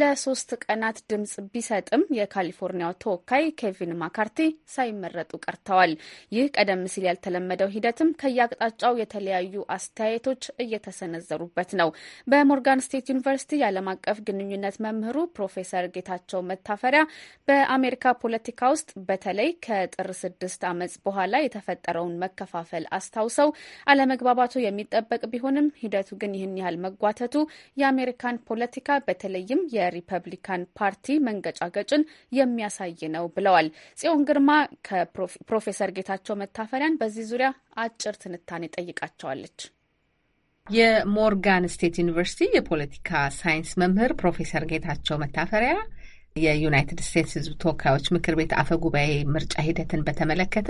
ለሶስት ቀናት ድምጽ ቢሰጥም የካሊፎርኒያው ተወካይ ኬቪን ማካርቲ ሳይመረጡ ቀርተዋል። ይህ ቀደም ሲል ያልተለመደው ሂደትም ከየአቅጣጫው የተለያዩ አስተያየቶች እየተሰነዘሩበት ነው። በሞርጋን ስቴት ዩኒቨርሲቲ የዓለም አቀፍ ግንኙነት መምህሩ ፕሮፌሰር ጌታቸው መታፈሪያ በአሜሪካ ፖለቲካ ውስጥ በተለይ ከጥር ስድስት አመፅ በኋላ የተፈጠረውን መከፋፈል አስታውሰው አለመግባባቱ የሚጠበቅ ቢሆንም ሂደቱ ግን ይህን ያህል መጓተቱ የአሜሪካን ፖለቲካ በተለይም የሪፐብሊካን ፓርቲ መንገጫገጭን የሚያሳይ ነው ብለዋል። ጽዮን ግርማ ከፕሮፌሰር ጌታቸው መታፈሪያን በዚህ ዙሪያ አጭር ትንታኔ ጠይቃቸዋለች። የሞርጋን ስቴት ዩኒቨርሲቲ የፖለቲካ ሳይንስ መምህር ፕሮፌሰር ጌታቸው መታፈሪያ የዩናይትድ ስቴትስ ህዝብ ተወካዮች ምክር ቤት አፈ ጉባኤ ምርጫ ሂደትን በተመለከተ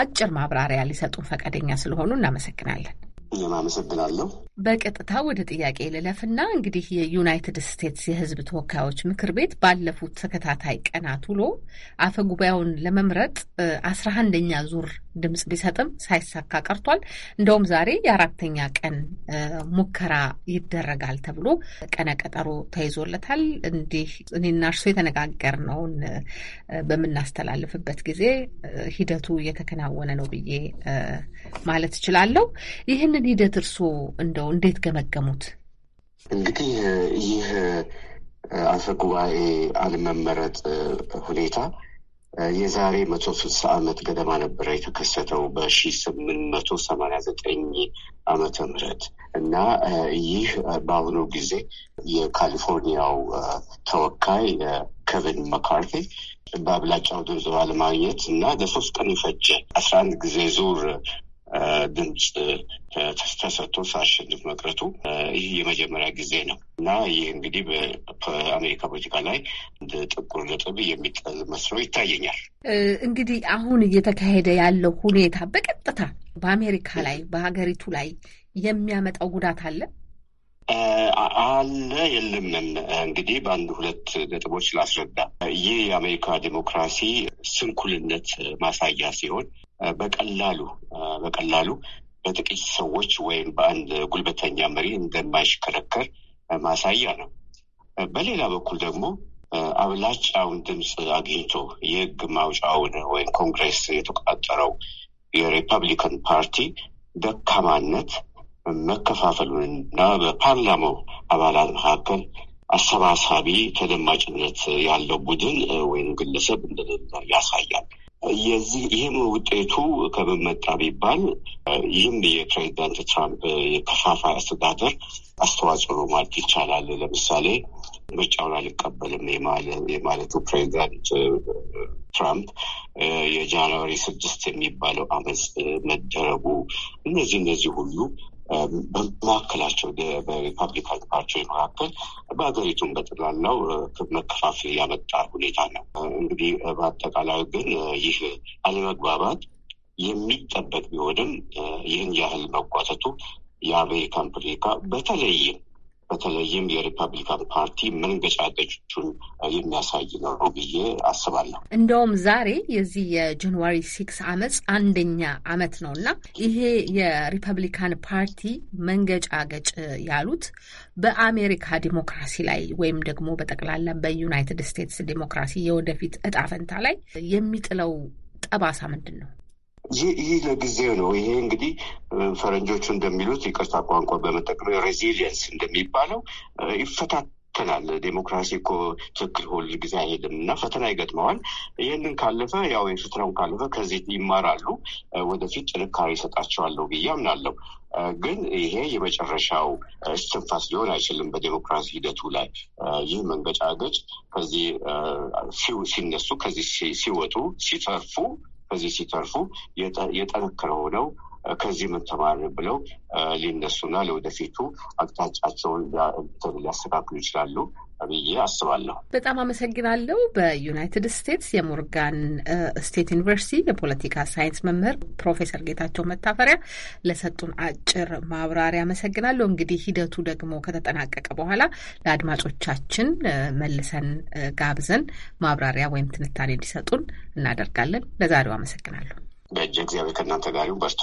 አጭር ማብራሪያ ሊሰጡን ፈቃደኛ ስለሆኑ እናመሰግናለን። እኔም አመሰግናለሁ። በቀጥታ ወደ ጥያቄ ልለፍና እንግዲህ የዩናይትድ ስቴትስ የህዝብ ተወካዮች ምክር ቤት ባለፉት ተከታታይ ቀናት ውሎ አፈ ጉባኤውን ለመምረጥ አስራ አንደኛ ዙር ድምፅ ቢሰጥም ሳይሳካ ቀርቷል። እንደውም ዛሬ የአራተኛ ቀን ሙከራ ይደረጋል ተብሎ ቀነ ቀጠሮ ተይዞለታል። እንዲህ እኔና እርሶ የተነጋገርነውን በምናስተላልፍበት ጊዜ ሂደቱ እየተከናወነ ነው ብዬ ማለት እችላለሁ። ይህንን ሂደት እርሶ እንደው እንዴት ገመገሙት? እንግዲህ ይህ አፈ ጉባኤ አለመመረጥ ሁኔታ የዛሬ መቶ ስልሳ ዓመት ገደማ ነበረ የተከሰተው በሺ ስምንት መቶ ሰማኒያ ዘጠኝ ዓመተ ምህረት እና ይህ በአሁኑ ጊዜ የካሊፎርኒያው ተወካይ ኬቪን መካርቲ በአብላጫው ድምፅ ባለማግኘት እና ለሶስት ቀን ይፈጀ አስራ አንድ ጊዜ ዙር ድምፅ ተሰጥቶ ሳሸንፍ መቅረቱ ይህ የመጀመሪያ ጊዜ ነው እና ይህ እንግዲህ በአሜሪካ ፖለቲካ ላይ እንደ ጥቁር ነጥብ የሚጠል መስሎ ይታየኛል። እንግዲህ አሁን እየተካሄደ ያለው ሁኔታ በቀጥታ በአሜሪካ ላይ በሀገሪቱ ላይ የሚያመጣው ጉዳት አለ አለ የለምም። እንግዲህ በአንድ ሁለት ነጥቦች ላስረዳ። ይህ የአሜሪካ ዲሞክራሲ ስንኩልነት ማሳያ ሲሆን በቀላሉ በቀላሉ በጥቂት ሰዎች ወይም በአንድ ጉልበተኛ መሪ እንደማይሽከረከር ማሳያ ነው። በሌላ በኩል ደግሞ አብላጫውን ድምፅ አግኝቶ የህግ ማውጫውን ወይም ኮንግሬስ የተቆጣጠረው የሪፐብሊካን ፓርቲ ደካማነት መከፋፈሉንና በፓርላማው አባላት መካከል አሰባሳቢ ተደማጭነት ያለው ቡድን ወይም ግለሰብ እንደሌለ ያሳያል። የዚህ ይህም ውጤቱ ከመመጣ ቢባል ይህም የፕሬዚዳንት ትራምፕ የከፋፋይ አስተዳደር አስተዋጽኦ ነው ማለት ይቻላል። ለምሳሌ ምርጫውን አልቀበልም የማለቱ ፕሬዚዳንት ትራምፕ የጃንዋሪ ስድስት የሚባለው አመፅ መደረጉ፣ እነዚህ እነዚህ ሁሉ በመካከላቸው በሪፐብሊካን ፓርቲ መካከል በሀገሪቱን በጠቅላላው መከፋፈል ያመጣ ሁኔታ ነው። እንግዲህ በአጠቃላይ ግን ይህ አለመግባባት የሚጠበቅ ቢሆንም ይህን ያህል መጓተቱ የአሜሪካን ፖለቲካ በተለይም በተለይም የሪፐብሊካን ፓርቲ መንገጫገጩን የሚያሳይ ነው ብዬ አስባለሁ። እንደውም ዛሬ የዚህ የጃንዋሪ ሲክስ አመፅ አንደኛ አመት ነው እና ይሄ የሪፐብሊካን ፓርቲ መንገጫገጭ ያሉት በአሜሪካ ዲሞክራሲ ላይ ወይም ደግሞ በጠቅላላ በዩናይትድ ስቴትስ ዲሞክራሲ የወደፊት እጣ ፈንታ ላይ የሚጥለው ጠባሳ ምንድን ነው? ይህ ለጊዜው ነው። ይሄ እንግዲህ ፈረንጆቹ እንደሚሉት ይቅርታ ቋንቋ በመጠቀም ሬዚሊየንስ እንደሚባለው ይፈታተናል። ዴሞክራሲ እኮ ትክክል ሁል ጊዜ አይሄድም እና ፈተና ይገጥመዋል። ይህንን ካለፈ ያው የፈተናውን ካለፈ ከዚህ ይማራሉ፣ ወደፊት ጥንካሬ ይሰጣቸዋለሁ ብዬ አምናለሁ። ግን ይሄ የመጨረሻው እስትንፋስ ሊሆን አይችልም። በዴሞክራሲ ሂደቱ ላይ ይህ መንገጫገጭ ከዚህ ሲነሱ ከዚህ ሲወጡ ሲተርፉ ከዚህ ሲተርፉ የጠንክረው ነው ከዚህ ምን ተማርን ብለው ሊነሱና ለወደፊቱ አቅጣጫቸውን ሊያስተካክሉ ይችላሉ። ብዬ አስባለሁ። በጣም አመሰግናለሁ። በዩናይትድ ስቴትስ የሞርጋን ስቴት ዩኒቨርሲቲ የፖለቲካ ሳይንስ መምህር ፕሮፌሰር ጌታቸው መታፈሪያ ለሰጡን አጭር ማብራሪያ አመሰግናለሁ። እንግዲህ ሂደቱ ደግሞ ከተጠናቀቀ በኋላ ለአድማጮቻችን መልሰን ጋብዘን ማብራሪያ ወይም ትንታኔ እንዲሰጡን እናደርጋለን። ለዛሬው አመሰግናለሁ። በእጅ እግዚአብሔር ከእናንተ ጋር በርቱ።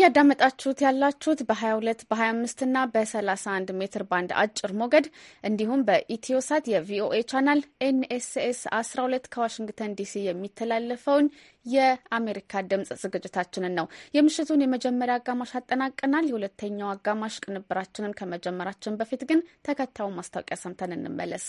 እያዳመጣችሁት ያላችሁት በ22 በ25 እና በ31 ሜትር ባንድ አጭር ሞገድ እንዲሁም በኢትዮሳት የቪኦኤ ቻናል ኤንኤስኤስ 12 ከዋሽንግተን ዲሲ የሚተላለፈውን የአሜሪካ ድምጽ ዝግጅታችንን ነው። የምሽቱን የመጀመሪያ አጋማሽ አጠናቀናል። የሁለተኛው አጋማሽ ቅንብራችንን ከመጀመራችን በፊት ግን ተከታዩን ማስታወቂያ ሰምተን እንመለስ።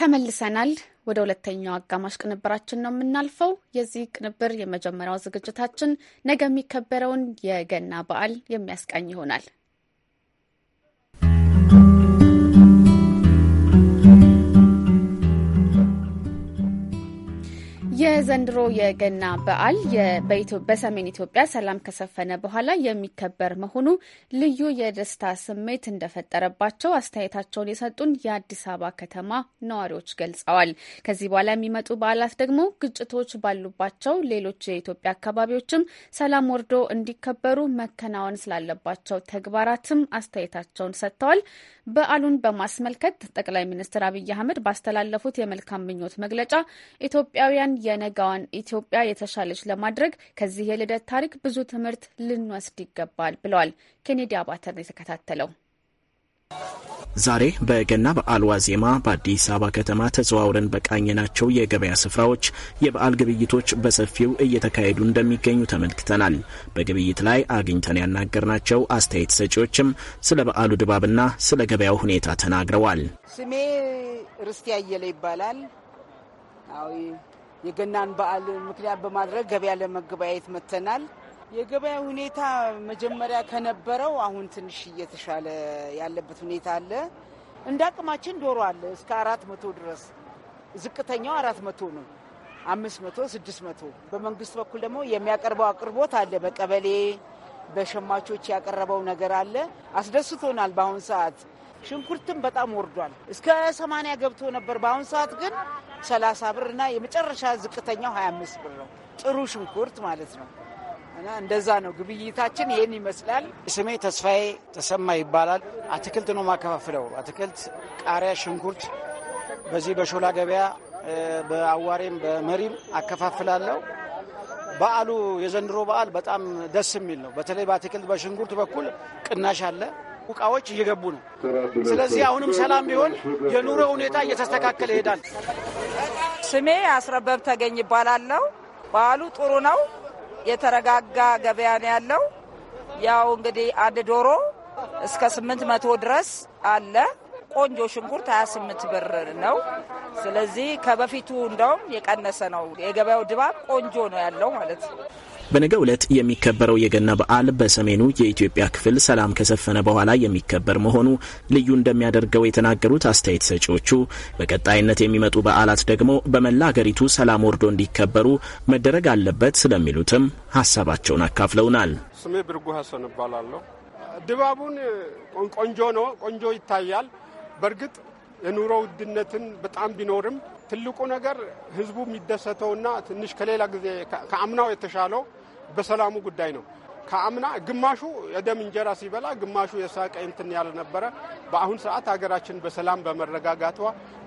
ተመልሰናል። ወደ ሁለተኛው አጋማሽ ቅንብራችን ነው የምናልፈው። የዚህ ቅንብር የመጀመሪያው ዝግጅታችን ነገ የሚከበረውን የገና በዓል የሚያስቃኝ ይሆናል። የዘንድሮ የገና በዓል በሰሜን ኢትዮጵያ ሰላም ከሰፈነ በኋላ የሚከበር መሆኑ ልዩ የደስታ ስሜት እንደፈጠረባቸው አስተያየታቸውን የሰጡን የአዲስ አበባ ከተማ ነዋሪዎች ገልጸዋል። ከዚህ በኋላ የሚመጡ በዓላት ደግሞ ግጭቶች ባሉባቸው ሌሎች የኢትዮጵያ አካባቢዎችም ሰላም ወርዶ እንዲከበሩ መከናወን ስላለባቸው ተግባራትም አስተያየታቸውን ሰጥተዋል። በዓሉን በማስመልከት ጠቅላይ ሚኒስትር አብይ አህመድ ባስተላለፉት የመልካም ምኞት መግለጫ ኢትዮጵያውያን የነጋዋን ኢትዮጵያ የተሻለች ለማድረግ ከዚህ የልደት ታሪክ ብዙ ትምህርት ልንወስድ ይገባል ብለዋል። ኬኔዲ አባተ ነው የተከታተለው። ዛሬ በገና በዓል ዋዜማ በአዲስ አበባ ከተማ ተዘዋውረን በቃኘናቸው የገበያ ስፍራዎች የበዓል ግብይቶች በሰፊው እየተካሄዱ እንደሚገኙ ተመልክተናል። በግብይት ላይ አግኝተን ያናገርናቸው አስተያየት ሰጪዎችም ስለ በዓሉ ድባብና ስለ ገበያው ሁኔታ ተናግረዋል። ስሜ ርስቲ አየለ ይባላል። የገናን በዓል ምክንያት በማድረግ ገበያ ለመገበያየት መጥተናል። የገበያ ሁኔታ መጀመሪያ ከነበረው አሁን ትንሽ እየተሻለ ያለበት ሁኔታ አለ። እንደ አቅማችን ዶሮ አለ እስከ አራት መቶ ድረስ ዝቅተኛው አራት መቶ ነው። አምስት መቶ ስድስት መቶ በመንግስት በኩል ደግሞ የሚያቀርበው አቅርቦት አለ። በቀበሌ በሸማቾች ያቀረበው ነገር አለ። አስደስቶናል። በአሁን ሰዓት ሽንኩርትም በጣም ወርዷል። እስከ ሰማንያ ገብቶ ነበር። በአሁኑ ሰዓት ግን ሰላሳ ብር እና የመጨረሻ ዝቅተኛው 25 ብር ነው። ጥሩ ሽንኩርት ማለት ነው። እና እንደዛ ነው ግብይታችን ይህን ይመስላል። ስሜ ተስፋዬ ተሰማ ይባላል። አትክልት ነው ማከፋፍለው። አትክልት፣ ቃሪያ፣ ሽንኩርት በዚህ በሾላ ገበያ በአዋሬም በመሪም አከፋፍላለሁ። በዓሉ የዘንድሮ በዓል በጣም ደስ የሚል ነው። በተለይ በአትክልት በሽንኩርት በኩል ቅናሽ አለ። እቃዎች እየገቡ ነው። ስለዚህ አሁንም ሰላም ቢሆን የኑሮ ሁኔታ እየተስተካከለ ይሄዳል። ስሜ አስረበብ ተገኝ ይባላለሁ። በዓሉ ጥሩ ነው። የተረጋጋ ገበያ ነው ያለው። ያው እንግዲህ አንድ ዶሮ እስከ 800 መቶ ድረስ አለ። ቆንጆ ሽንኩርት 28 ብር ነው። ስለዚህ ከበፊቱ እንደውም የቀነሰ ነው። የገበያው ድባብ ቆንጆ ነው ያለው ማለት ነው። በነገ ዕለት የሚከበረው የገና በዓል በሰሜኑ የኢትዮጵያ ክፍል ሰላም ከሰፈነ በኋላ የሚከበር መሆኑ ልዩ እንደሚያደርገው የተናገሩት አስተያየት ሰጪዎቹ በቀጣይነት የሚመጡ በዓላት ደግሞ በመላ አገሪቱ ሰላም ወርዶ እንዲከበሩ መደረግ አለበት ስለሚሉትም ሀሳባቸውን አካፍለውናል። ስሜ ብርጉ ሀሰን እባላለሁ። ድባቡን ቆንጆ ነው፣ ቆንጆ ይታያል። በእርግጥ የኑሮ ውድነትን በጣም ቢኖርም ትልቁ ነገር ህዝቡ የሚደሰተውና ትንሽ ከሌላ ጊዜ ከአምናው የተሻለው በሰላሙ ጉዳይ ነው። ከአምና ግማሹ የደም እንጀራ ሲበላ ግማሹ የሳቀ እንትን ያለ ነበረ። በአሁን ሰዓት ሀገራችን በሰላም በመረጋጋቷ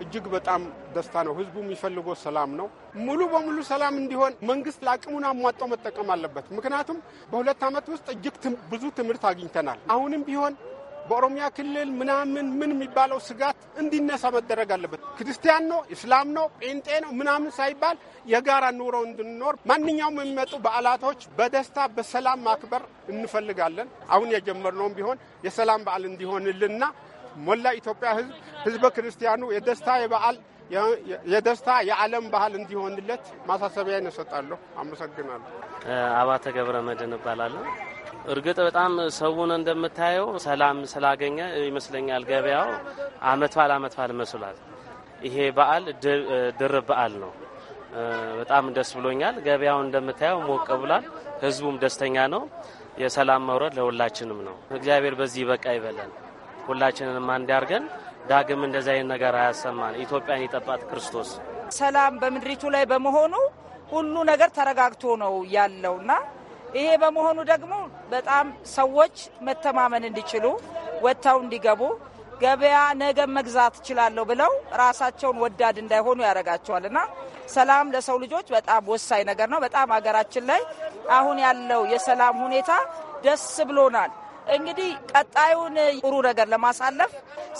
እጅግ በጣም ደስታ ነው። ህዝቡ የሚፈልገው ሰላም ነው። ሙሉ በሙሉ ሰላም እንዲሆን መንግስት ለአቅሙን አሟጦ መጠቀም አለበት። ምክንያቱም በሁለት ዓመት ውስጥ እጅግ ብዙ ትምህርት አግኝተናል። አሁንም ቢሆን በኦሮሚያ ክልል ምናምን ምን የሚባለው ስጋት እንዲነሳ መደረግ አለበት። ክርስቲያን ነው፣ እስላም ነው፣ ጴንጤ ነው ምናምን ሳይባል የጋራ ኑሮ እንድንኖር ማንኛውም የሚመጡ በዓላቶች በደስታ በሰላም ማክበር እንፈልጋለን። አሁን የጀመርነውም ቢሆን የሰላም በዓል እንዲሆንልና ሞላ ኢትዮጵያ ህዝብ ህዝበ ክርስቲያኑ የደስታ የበዓል የደስታ የዓለም ባህል እንዲሆንለት ማሳሰቢያ ይነሰጣለሁ። አመሰግናለሁ። አባተ ገብረ መድን እባላለሁ። እርግጥ በጣም ሰውን እንደምታየው ሰላም ስላገኘ ይመስለኛል ገበያው አመት በዓል አመት በዓል መስሏል። ይሄ በዓል ድርብ በዓል ነው። በጣም ደስ ብሎኛል። ገበያው እንደምታየው ሞቅ ብሏል። ህዝቡም ደስተኛ ነው። የሰላም መውረድ ለሁላችንም ነው። እግዚአብሔር በዚህ በቃ ይበለን። ሁላችንንም አንድ ያድርገን። ዳግም እንደዚ አይነት ነገር አያሰማን። ኢትዮጵያን የጠባት ክርስቶስ። ሰላም በምድሪቱ ላይ በመሆኑ ሁሉ ነገር ተረጋግቶ ነው ያለውና ይሄ በመሆኑ ደግሞ በጣም ሰዎች መተማመን እንዲችሉ ወጥተው እንዲገቡ ገበያ ነገ መግዛት እችላለሁ ብለው ራሳቸውን ወዳድ እንዳይሆኑ ያደርጋቸዋል እና ሰላም ለሰው ልጆች በጣም ወሳኝ ነገር ነው። በጣም አገራችን ላይ አሁን ያለው የሰላም ሁኔታ ደስ ብሎናል። እንግዲህ ቀጣዩን ጥሩ ነገር ለማሳለፍ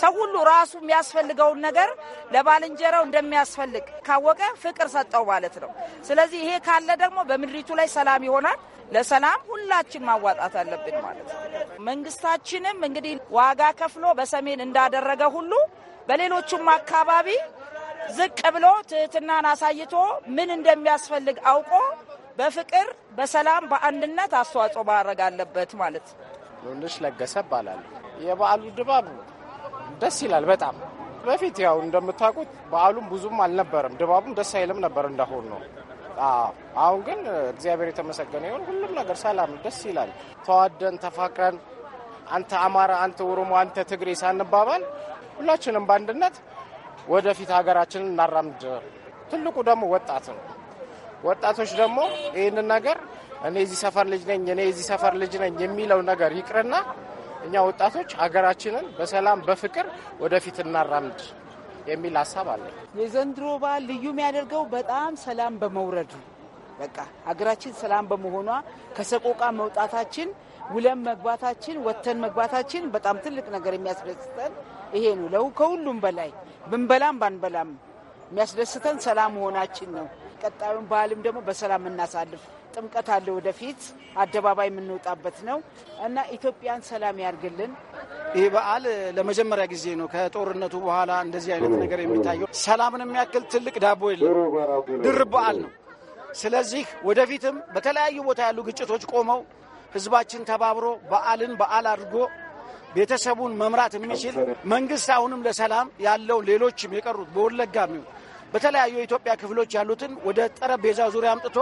ሰው ሁሉ ራሱ የሚያስፈልገውን ነገር ለባልንጀራው እንደሚያስፈልግ ካወቀ ፍቅር ሰጠው ማለት ነው። ስለዚህ ይሄ ካለ ደግሞ በምድሪቱ ላይ ሰላም ይሆናል። ለሰላም ሁላችን ማዋጣት አለብን ማለት ነው። መንግስታችንም እንግዲህ ዋጋ ከፍሎ በሰሜን እንዳደረገ ሁሉ በሌሎቹም አካባቢ ዝቅ ብሎ ትህትናን አሳይቶ ምን እንደሚያስፈልግ አውቆ በፍቅር፣ በሰላም፣ በአንድነት አስተዋጽኦ ማድረግ አለበት ማለት ነው። ዮልሽ ለገሰ ባላል የበዓሉ ድባብ ደስ ይላል በጣም በፊት ያው እንደምታውቁት በዓሉም ብዙም አልነበረም፣ ድባቡም ደስ አይልም ነበር እንዳሁን ነው። አሁን ግን እግዚአብሔር የተመሰገነ ይሁን፣ ሁሉም ነገር ሰላም፣ ደስ ይላል። ተዋደን ተፋቅረን አንተ አማራ፣ አንተ ኦሮሞ፣ አንተ ትግሬ ሳንባባል ሁላችንም በአንድነት ወደፊት ሀገራችንን እናራምድ። ትልቁ ደግሞ ወጣት ነው። ወጣቶች ደግሞ ይህንን ነገር እኔ የዚህ ሰፈር ልጅ ነኝ እኔ የዚህ ሰፈር ልጅ ነኝ የሚለው ነገር ይቅርና እኛ ወጣቶች ሀገራችንን በሰላም በፍቅር ወደፊት እናራምድ የሚል ሀሳብ አለ። የዘንድሮ በዓል ልዩ የሚያደርገው በጣም ሰላም በመውረዱ በቃ ሀገራችን ሰላም በመሆኗ ከሰቆቃ መውጣታችን፣ ውለን መግባታችን፣ ወተን መግባታችን በጣም ትልቅ ነገር የሚያስደስተን ይሄ ነው። ለው ከሁሉም በላይ ብንበላም ባንበላም የሚያስደስተን ሰላም መሆናችን ነው። ቀጣዩን በዓልም ደግሞ በሰላም እናሳልፍ። ጥምቀት አለ ወደፊት አደባባይ የምንወጣበት ነው እና ኢትዮጵያን ሰላም ያርግልን። ይህ በዓል ለመጀመሪያ ጊዜ ነው ከጦርነቱ በኋላ እንደዚህ አይነት ነገር የሚታየው። ሰላምን የሚያክል ትልቅ ዳቦ የለም። ድርብ በዓል ነው። ስለዚህ ወደፊትም በተለያዩ ቦታ ያሉ ግጭቶች ቆመው ህዝባችን ተባብሮ በዓልን በዓል አድርጎ ቤተሰቡን መምራት የሚችል መንግስት አሁንም ለሰላም ያለው ሌሎችም የቀሩት በወለጋ በተለያዩ የኢትዮጵያ ክፍሎች ያሉትን ወደ ጠረጴዛ ዙሪያ አምጥቶ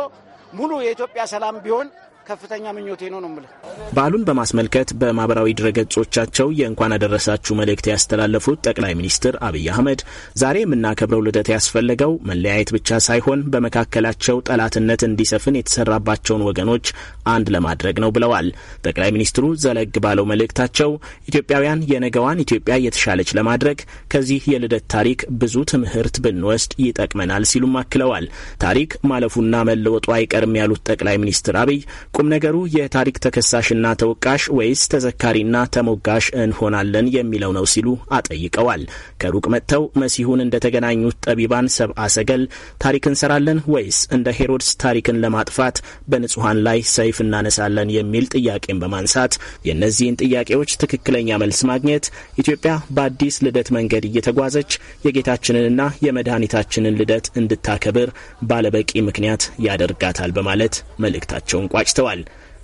ሙሉ የኢትዮጵያ ሰላም ቢሆን ከፍተኛ ምኞቴ ነው ነው የምልህ። በዓሉን በማስመልከት በማህበራዊ ድረገጾቻቸው የእንኳን አደረሳችሁ መልእክት ያስተላለፉት ጠቅላይ ሚኒስትር አብይ አህመድ ዛሬ የምናከብረው ልደት ያስፈለገው መለያየት ብቻ ሳይሆን በመካከላቸው ጠላትነት እንዲሰፍን የተሰራባቸውን ወገኖች አንድ ለማድረግ ነው ብለዋል። ጠቅላይ ሚኒስትሩ ዘለግ ባለው መልእክታቸው ኢትዮጵያውያን የነገዋን ኢትዮጵያ የተሻለች ለማድረግ ከዚህ የልደት ታሪክ ብዙ ትምህርት ብንወስድ ይጠቅመናል ሲሉም አክለዋል። ታሪክ ማለፉና መለወጡ አይቀርም ያሉት ጠቅላይ ሚኒስትር አብይ ቁም ነገሩ የታሪክ ተከሳሽና ተወቃሽ ወይስ ተዘካሪና ተሞጋሽ እንሆናለን የሚለው ነው ሲሉ አጠይቀዋል። ከሩቅ መጥተው መሲሁን እንደተገናኙት ጠቢባን ሰብአ ሰገል ታሪክ እንሰራለን ወይስ እንደ ሄሮድስ ታሪክን ለማጥፋት በንጹሐን ላይ ሰይፍ እናነሳለን የሚል ጥያቄን በማንሳት የእነዚህን ጥያቄዎች ትክክለኛ መልስ ማግኘት ኢትዮጵያ በአዲስ ልደት መንገድ እየተጓዘች የጌታችንንና የመድኃኒታችንን ልደት እንድታከብር ባለበቂ ምክንያት ያደርጋታል በማለት መልእክታቸውን ቋጭተዋል። ተሰጥተዋል።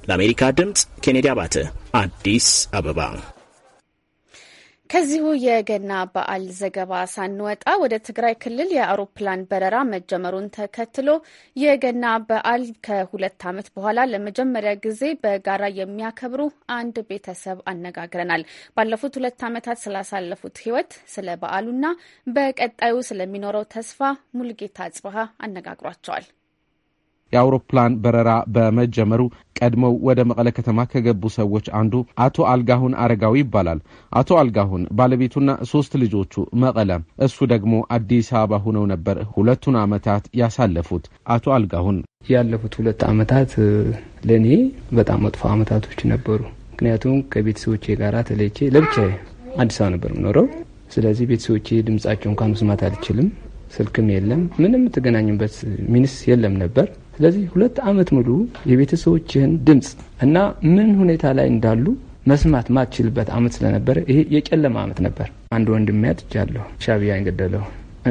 ለአሜሪካ ድምፅ ኬኔዲ አባተ አዲስ አበባ። ከዚሁ የገና በዓል ዘገባ ሳንወጣ ወደ ትግራይ ክልል የአውሮፕላን በረራ መጀመሩን ተከትሎ የገና በዓል ከሁለት ዓመት በኋላ ለመጀመሪያ ጊዜ በጋራ የሚያከብሩ አንድ ቤተሰብ አነጋግረናል። ባለፉት ሁለት ዓመታት ስላሳለፉት ሕይወት ስለ በዓሉና በቀጣዩ ስለሚኖረው ተስፋ ሙልጌታ ጽብሃ አነጋግሯቸዋል። የአውሮፕላን በረራ በመጀመሩ ቀድመው ወደ መቀለ ከተማ ከገቡ ሰዎች አንዱ አቶ አልጋሁን አረጋዊ ይባላል። አቶ አልጋሁን ባለቤቱና ሶስት ልጆቹ መቀለ፣ እሱ ደግሞ አዲስ አበባ ሆነው ነበር ሁለቱን ዓመታት ያሳለፉት። አቶ አልጋሁን ያለፉት ሁለት ዓመታት ለእኔ በጣም መጥፎ ዓመታቶች ነበሩ። ምክንያቱም ከቤተሰቦቼ ጋር ተለይቼ ለብቻ አዲስ አበባ ነበር የምኖረው። ስለዚህ ቤተሰቦቼ ድምጻቸው እንኳን መስማት አልችልም። ስልክም የለም። ምንም የምትገናኝበት ሚንስ የለም ነበር ስለዚህ ሁለት ዓመት ሙሉ የቤተሰቦችህን ድምፅ እና ምን ሁኔታ ላይ እንዳሉ መስማት ማትችልበት ዓመት ስለነበረ ይሄ የጨለማ ዓመት ነበር። አንድ ወንድሜ አጥቻለሁ፣ ሻዕቢያ ገደለው።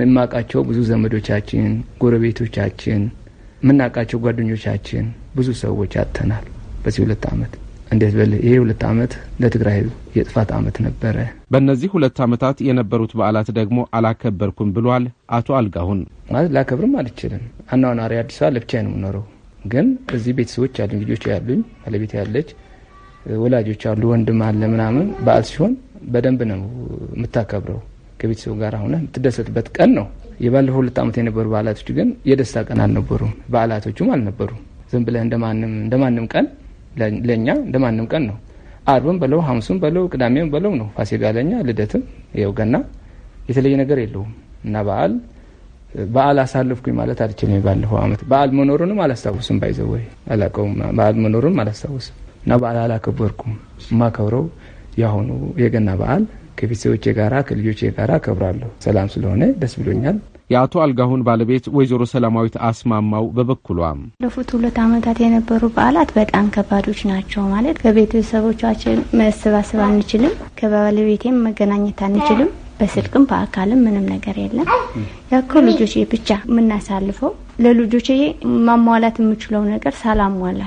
የማውቃቸው ብዙ ዘመዶቻችን፣ ጎረቤቶቻችን፣ የምናውቃቸው ጓደኞቻችን ብዙ ሰዎች አጥተናል በዚህ ሁለት ዓመት እንዴት በል ይሄ ሁለት ዓመት ለትግራይ የጥፋት ዓመት ነበረ። በእነዚህ ሁለት ዓመታት የነበሩት በዓላት ደግሞ አላከበርኩም ብሏል አቶ አልጋሁን። ማለት ላከብርም አልችልም። አናዋናሪ አዲስ አበባ ለብቻ ነው የምኖረው። ግን እዚህ ቤተሰቦች አሉኝ፣ ልጆች ያሉኝ፣ ባለቤት ያለች፣ ወላጆች አሉ፣ ወንድም አለ ምናምን። በዓል ሲሆን በደንብ ነው የምታከብረው ከቤተሰቡ ጋር ሆነ የምትደሰትበት ቀን ነው። የባለፈው ሁለት ዓመት የነበሩ በዓላቶች ግን የደስታ ቀን አልነበሩም፣ በዓላቶቹም አልነበሩም። ዝም ብለህ እንደማንም ቀን ለእኛ ለማንም ቀን ነው። አርብም በለው ሐሙስም በለው ቅዳሜም በለው ነው ፋሲካ ለእኛ፣ ልደትም ይኸው ገና የተለየ ነገር የለውም እና በዓል በዓል አሳልፍኩኝ ማለት አልችልም። ባለፈው ዓመት በዓል መኖሩንም አላስታውስም፣ ባይዘወይ አላቀውም። በዓል መኖሩንም አላስታውስም እና በዓል አላከበርኩም። የማከብረው የአሁኑ የገና በዓል ከቤተሰቦቼ ጋራ ከልጆቼ ጋራ አከብራለሁ። ሰላም ስለሆነ ደስ ብሎኛል። የአቶ አልጋሁን ባለቤት ወይዘሮ ሰላማዊት አስማማው በበኩሏ ባለፉት ሁለት ዓመታት የነበሩ በዓላት በጣም ከባዶች ናቸው። ማለት ከቤተሰቦቻችን መሰባሰብ አንችልም፣ ከባለቤቴም መገናኘት አንችልም። በስልክም በአካልም ምንም ነገር የለም። ያኮ ልጆቼ ብቻ የምናሳልፈው ለልጆቼ ማሟላት የምችለው ነገር ሳላሟላ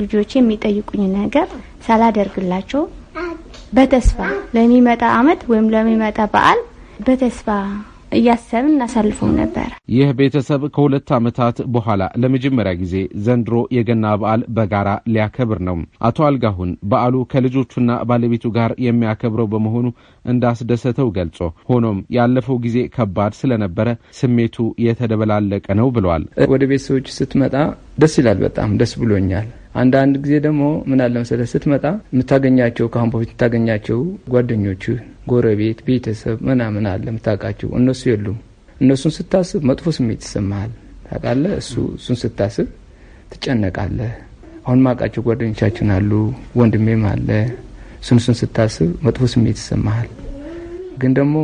ልጆቼ የሚጠይቁኝ ነገር ሳላደርግላቸው በተስፋ ለሚመጣ አመት ወይም ለሚመጣ በዓል በተስፋ እያሰብን እናሳልፈው ነበር። ይህ ቤተሰብ ከሁለት ዓመታት በኋላ ለመጀመሪያ ጊዜ ዘንድሮ የገና በዓል በጋራ ሊያከብር ነው። አቶ አልጋሁን በዓሉ ከልጆቹና ባለቤቱ ጋር የሚያከብረው በመሆኑ እንዳስደሰተው ገልጾ፣ ሆኖም ያለፈው ጊዜ ከባድ ስለነበረ ስሜቱ የተደበላለቀ ነው ብለዋል። ወደ ቤተሰቦች ስትመጣ ደስ ይላል። በጣም ደስ ብሎኛል። አንዳንድ ጊዜ ደግሞ ምን አለ መሰለህ ስትመጣ የምታገኛቸው ከአሁን በፊት የምታገኛቸው ጓደኞች፣ ጎረቤት፣ ቤተሰብ ምናምን አለ የምታውቃቸው እነሱ የሉም። እነሱን ስታስብ መጥፎ ስሜት ይሰማሃል። ታውቃለህ፣ እሱ እሱን ስታስብ ትጨነቃለህ። አሁን ማውቃቸው ጓደኞቻችን አሉ፣ ወንድሜም አለ። እሱን እሱን ስታስብ መጥፎ ስሜት ይሰማሃል። ግን ደግሞ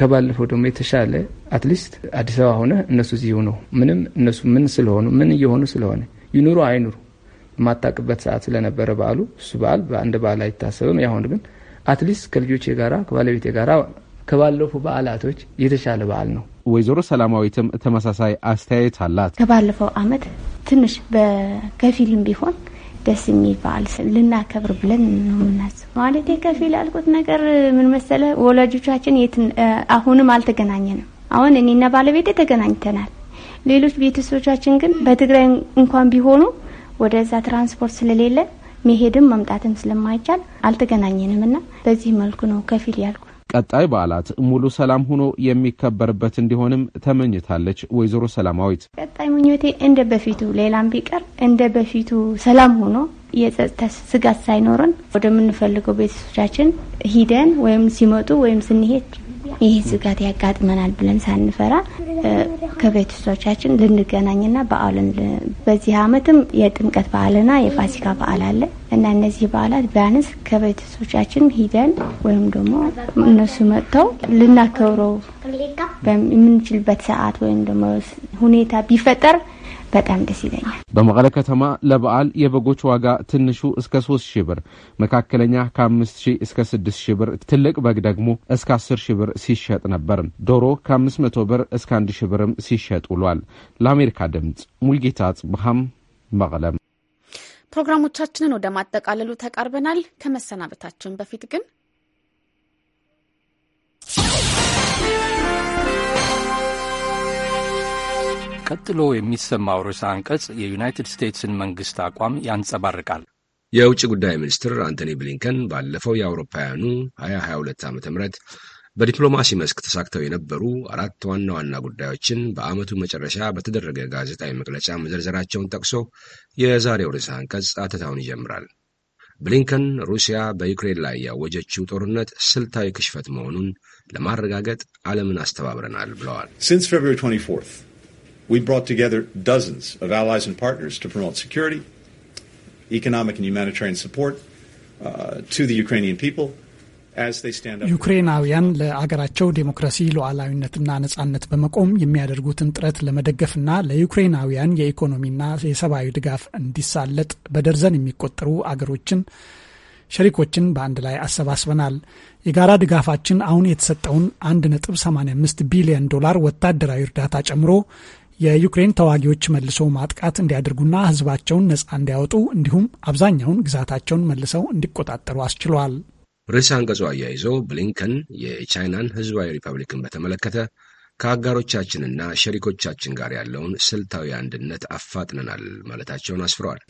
ከባለፈው ደግሞ የተሻለ አትሊስት አዲስ አበባ ሆነ እነሱ እዚሁ ነው። ምንም እነሱ ምን ስለሆኑ ምን እየሆኑ ስለሆነ ይኑሩ አይኑሩ የማታቅበት ሰዓት ስለነበረ በዓሉ እሱ በዓል በአንድ በዓል አይታሰብም። ያሁን ግን አትሊስት ከልጆቼ ጋራ ከባለቤቴ ጋራ ከባለፉ በዓላቶች የተሻለ በዓል ነው። ወይዘሮ ሰላማዊትም ተመሳሳይ አስተያየት አላት። ከባለፈው አመት ትንሽ በከፊልም ቢሆን ደስ የሚል በዓል ልናከብር ብለን ነው የምናስብ። ማለት ከፊል ያልኩት ነገር ምን መሰለ፣ ወላጆቻችን አሁንም አልተገናኘንም። አሁን እኔና ባለቤቴ ተገናኝተናል። ሌሎች ቤተሰቦቻችን ግን በትግራይ እንኳን ቢሆኑ ወደዛ ትራንስፖርት ስለሌለ መሄድም መምጣትም ስለማይቻል አልተገናኘንም እና በዚህ መልኩ ነው ከፊል ያልኩ። ቀጣይ በዓላት ሙሉ ሰላም ሆኖ የሚከበርበት እንዲሆንም ተመኝታለች ወይዘሮ ሰላማዊት። ቀጣይ ምኞቴ እንደ በፊቱ ሌላም ቢቀር እንደ በፊቱ ሰላም ሆኖ የጸጥታ ስጋት ሳይኖረን ወደምንፈልገው ቤተሰቦቻችን ሂደን ወይም ሲመጡ ወይም ስንሄድ ይህ ስጋት ያጋጥመናል ብለን ሳንፈራ ከቤተሰቦቻችን ልንገናኝና በአሉን በዚህ አመትም የጥምቀት በዓልና የፋሲካ በዓል አለ እና እነዚህ በዓላት ቢያንስ ከቤተሰቦቻችን ሂደን ወይም ደግሞ እነሱ መጥተው ልናከብረው የምንችልበት ሰዓት ወይም ደግሞ ሁኔታ ቢፈጠር በጣም ደስ ይለኛል። በመቀለ ከተማ ለበዓል የበጎች ዋጋ ትንሹ እስከ ሶስት ሺህ ብር፣ መካከለኛ ከአምስት ሺህ እስከ ስድስት ሺህ ብር፣ ትልቅ በግ ደግሞ እስከ አስር ሺህ ብር ሲሸጥ ነበር። ዶሮ ከአምስት መቶ ብር እስከ አንድ ሺህ ብርም ሲሸጥ ውሏል። ለአሜሪካ ድምፅ ሙልጌታ አጽብሃም መቀለም። ፕሮግራሞቻችንን ወደ ማጠቃለሉ ተቃርበናል። ከመሰናበታችን በፊት ግን ቀጥሎ የሚሰማው ርዕሰ አንቀጽ የዩናይትድ ስቴትስን መንግሥት አቋም ያንጸባርቃል። የውጭ ጉዳይ ሚኒስትር አንቶኒ ብሊንከን ባለፈው የአውሮፓውያኑ 2022 ዓ ም በዲፕሎማሲ መስክ ተሳክተው የነበሩ አራት ዋና ዋና ጉዳዮችን በዓመቱ መጨረሻ በተደረገ ጋዜጣዊ መግለጫ መዘርዘራቸውን ጠቅሶ የዛሬው ርዕሰ አንቀጽ አተታውን ይጀምራል። ብሊንከን ሩሲያ በዩክሬን ላይ ያወጀችው ጦርነት ስልታዊ ክሽፈት መሆኑን ለማረጋገጥ ዓለምን አስተባብረናል ብለዋል። We brought together dozens of allies and partners to promote security, economic and humanitarian support uh, to the Ukrainian people. ዩክሬናውያን ለአገራቸው ዴሞክራሲ ሉዓላዊነትና ነጻነት በመቆም የሚያደርጉትን ጥረት ለመደገፍና ለዩክሬናውያን የኢኮኖሚና የሰብአዊ ድጋፍ እንዲሳለጥ በደርዘን የሚቆጠሩ አገሮችን ሸሪኮችን በአንድ ላይ አሰባስበናል። የጋራ ድጋፋችን አሁን የተሰጠውን 1.85 ቢሊዮን ዶላር ወታደራዊ እርዳታ ጨምሮ የዩክሬን ተዋጊዎች መልሶ ማጥቃት እንዲያደርጉና ህዝባቸውን ነጻ እንዲያወጡ እንዲሁም አብዛኛውን ግዛታቸውን መልሰው እንዲቆጣጠሩ አስችሏል። ርዕሰ አንቀጹ አያይዞ ብሊንከን የቻይናን ህዝባዊ ሪፐብሊክን በተመለከተ ከአጋሮቻችንና ሸሪኮቻችን ጋር ያለውን ስልታዊ አንድነት አፋጥነናል ማለታቸውን አስፍረዋል።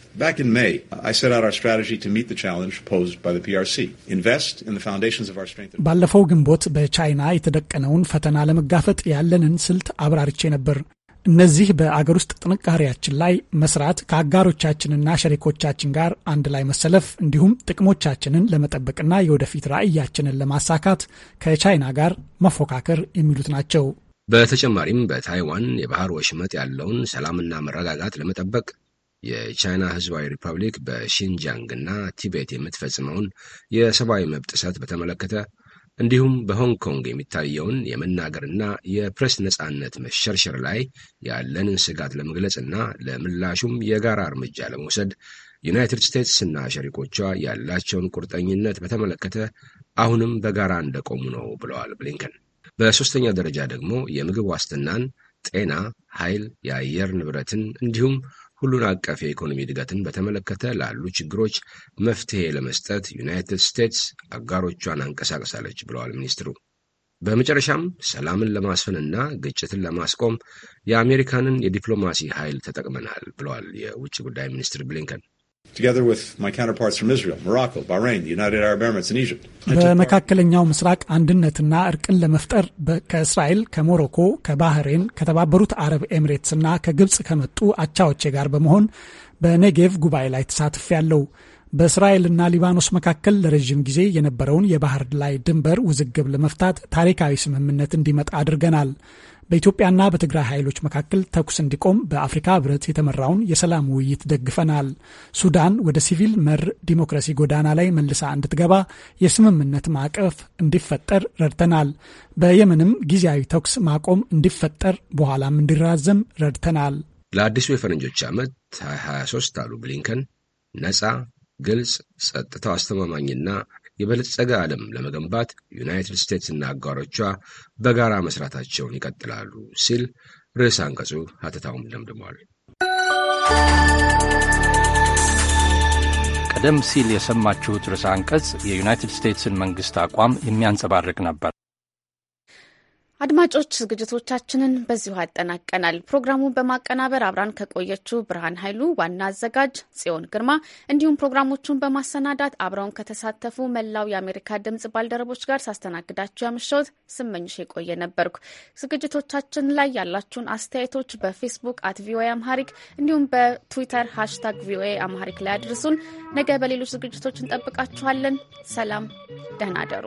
ባለፈው ግንቦት በቻይና የተደቀነውን ፈተና ለመጋፈጥ ያለንን ስልት አብራርቼ ነበር። እነዚህ በአገር ውስጥ ጥንካሬያችን ላይ መስራት ከአጋሮቻችንና ሸሪኮቻችን ጋር አንድ ላይ መሰለፍ እንዲሁም ጥቅሞቻችንን ለመጠበቅና የወደፊት ራዕያችንን ለማሳካት ከቻይና ጋር መፎካከር የሚሉት ናቸው። በተጨማሪም በታይዋን የባህር ወሽመጥ ያለውን ሰላምና መረጋጋት ለመጠበቅ የቻይና ሕዝባዊ ሪፐብሊክ በሺንጃንግ እና ቲቤት የምትፈጽመውን የሰብአዊ መብት ጥሰት በተመለከተ እንዲሁም በሆንግ ኮንግ የሚታየውን የመናገርና የፕሬስ ነጻነት መሸርሸር ላይ ያለንን ስጋት ለመግለጽና ለምላሹም የጋራ እርምጃ ለመውሰድ ዩናይትድ እና ሸሪኮቿ ያላቸውን ቁርጠኝነት በተመለከተ አሁንም በጋራ እንደቆሙ ነው ብለዋል ብሊንከን። በሦስተኛ ደረጃ ደግሞ የምግብ ዋስትናን፣ ጤና፣ ኃይል፣ የአየር ንብረትን እንዲሁም ሁሉን አቀፍ የኢኮኖሚ እድገትን በተመለከተ ላሉ ችግሮች መፍትሄ ለመስጠት ዩናይትድ ስቴትስ አጋሮቿን አንቀሳቀሳለች ብለዋል ሚኒስትሩ። በመጨረሻም ሰላምን ለማስፈንና ግጭትን ለማስቆም የአሜሪካንን የዲፕሎማሲ ኃይል ተጠቅመናል ብለዋል የውጭ ጉዳይ ሚኒስትር ብሊንከን። በመካከለኛው ምስራቅ አንድነትና እርቅን ለመፍጠር ከእስራኤል፣ ከሞሮኮ፣ ከባህሬን፣ ከተባበሩት አረብ ኤምሬትስ እና ከግብፅ ከመጡ አቻዎቼ ጋር በመሆን በኔጌቭ ጉባኤ ላይ ተሳትፍ ያለው በእስራኤልና ሊባኖስ መካከል ለረዥም ጊዜ የነበረውን የባህር ላይ ድንበር ውዝግብ ለመፍታት ታሪካዊ ስምምነት እንዲመጣ አድርገናል። በኢትዮጵያና በትግራይ ኃይሎች መካከል ተኩስ እንዲቆም በአፍሪካ ህብረት የተመራውን የሰላም ውይይት ደግፈናል። ሱዳን ወደ ሲቪል መር ዲሞክራሲ ጎዳና ላይ መልሳ እንድትገባ የስምምነት ማዕቀፍ እንዲፈጠር ረድተናል። በየመንም ጊዜያዊ ተኩስ ማቆም እንዲፈጠር በኋላም እንዲራዘም ረድተናል። ለአዲሱ የፈረንጆች ዓመት 2023 አሉ ብሊንከን ነፃ፣ ግልጽ፣ ጸጥታው አስተማማኝና የበለጸገ ዓለም ለመገንባት ዩናይትድ ስቴትስና አጋሮቿ በጋራ መስራታቸውን ይቀጥላሉ ሲል ርዕስ አንቀጹ ሀተታውን ደምድሟል። ቀደም ሲል የሰማችሁት ርዕስ አንቀጽ የዩናይትድ ስቴትስን መንግሥት አቋም የሚያንጸባርቅ ነበር። አድማጮች ዝግጅቶቻችንን በዚሁ ያጠናቀናል። ፕሮግራሙን በማቀናበር አብራን ከቆየችው ብርሃን ኃይሉ፣ ዋና አዘጋጅ ጽዮን ግርማ እንዲሁም ፕሮግራሞቹን በማሰናዳት አብረውን ከተሳተፉ መላው የአሜሪካ ድምጽ ባልደረቦች ጋር ሳስተናግዳችሁ ያመሸሁት ስመኝሽ የቆየ ነበርኩ። ዝግጅቶቻችን ላይ ያላችሁን አስተያየቶች በፌስቡክ አት ቪኦኤ አምሃሪክ እንዲሁም በትዊተር ሃሽታግ ቪኦኤ አምሃሪክ ላይ አድርሱን። ነገ በሌሎች ዝግጅቶች እንጠብቃችኋለን። ሰላም፣ ደህና አደሩ።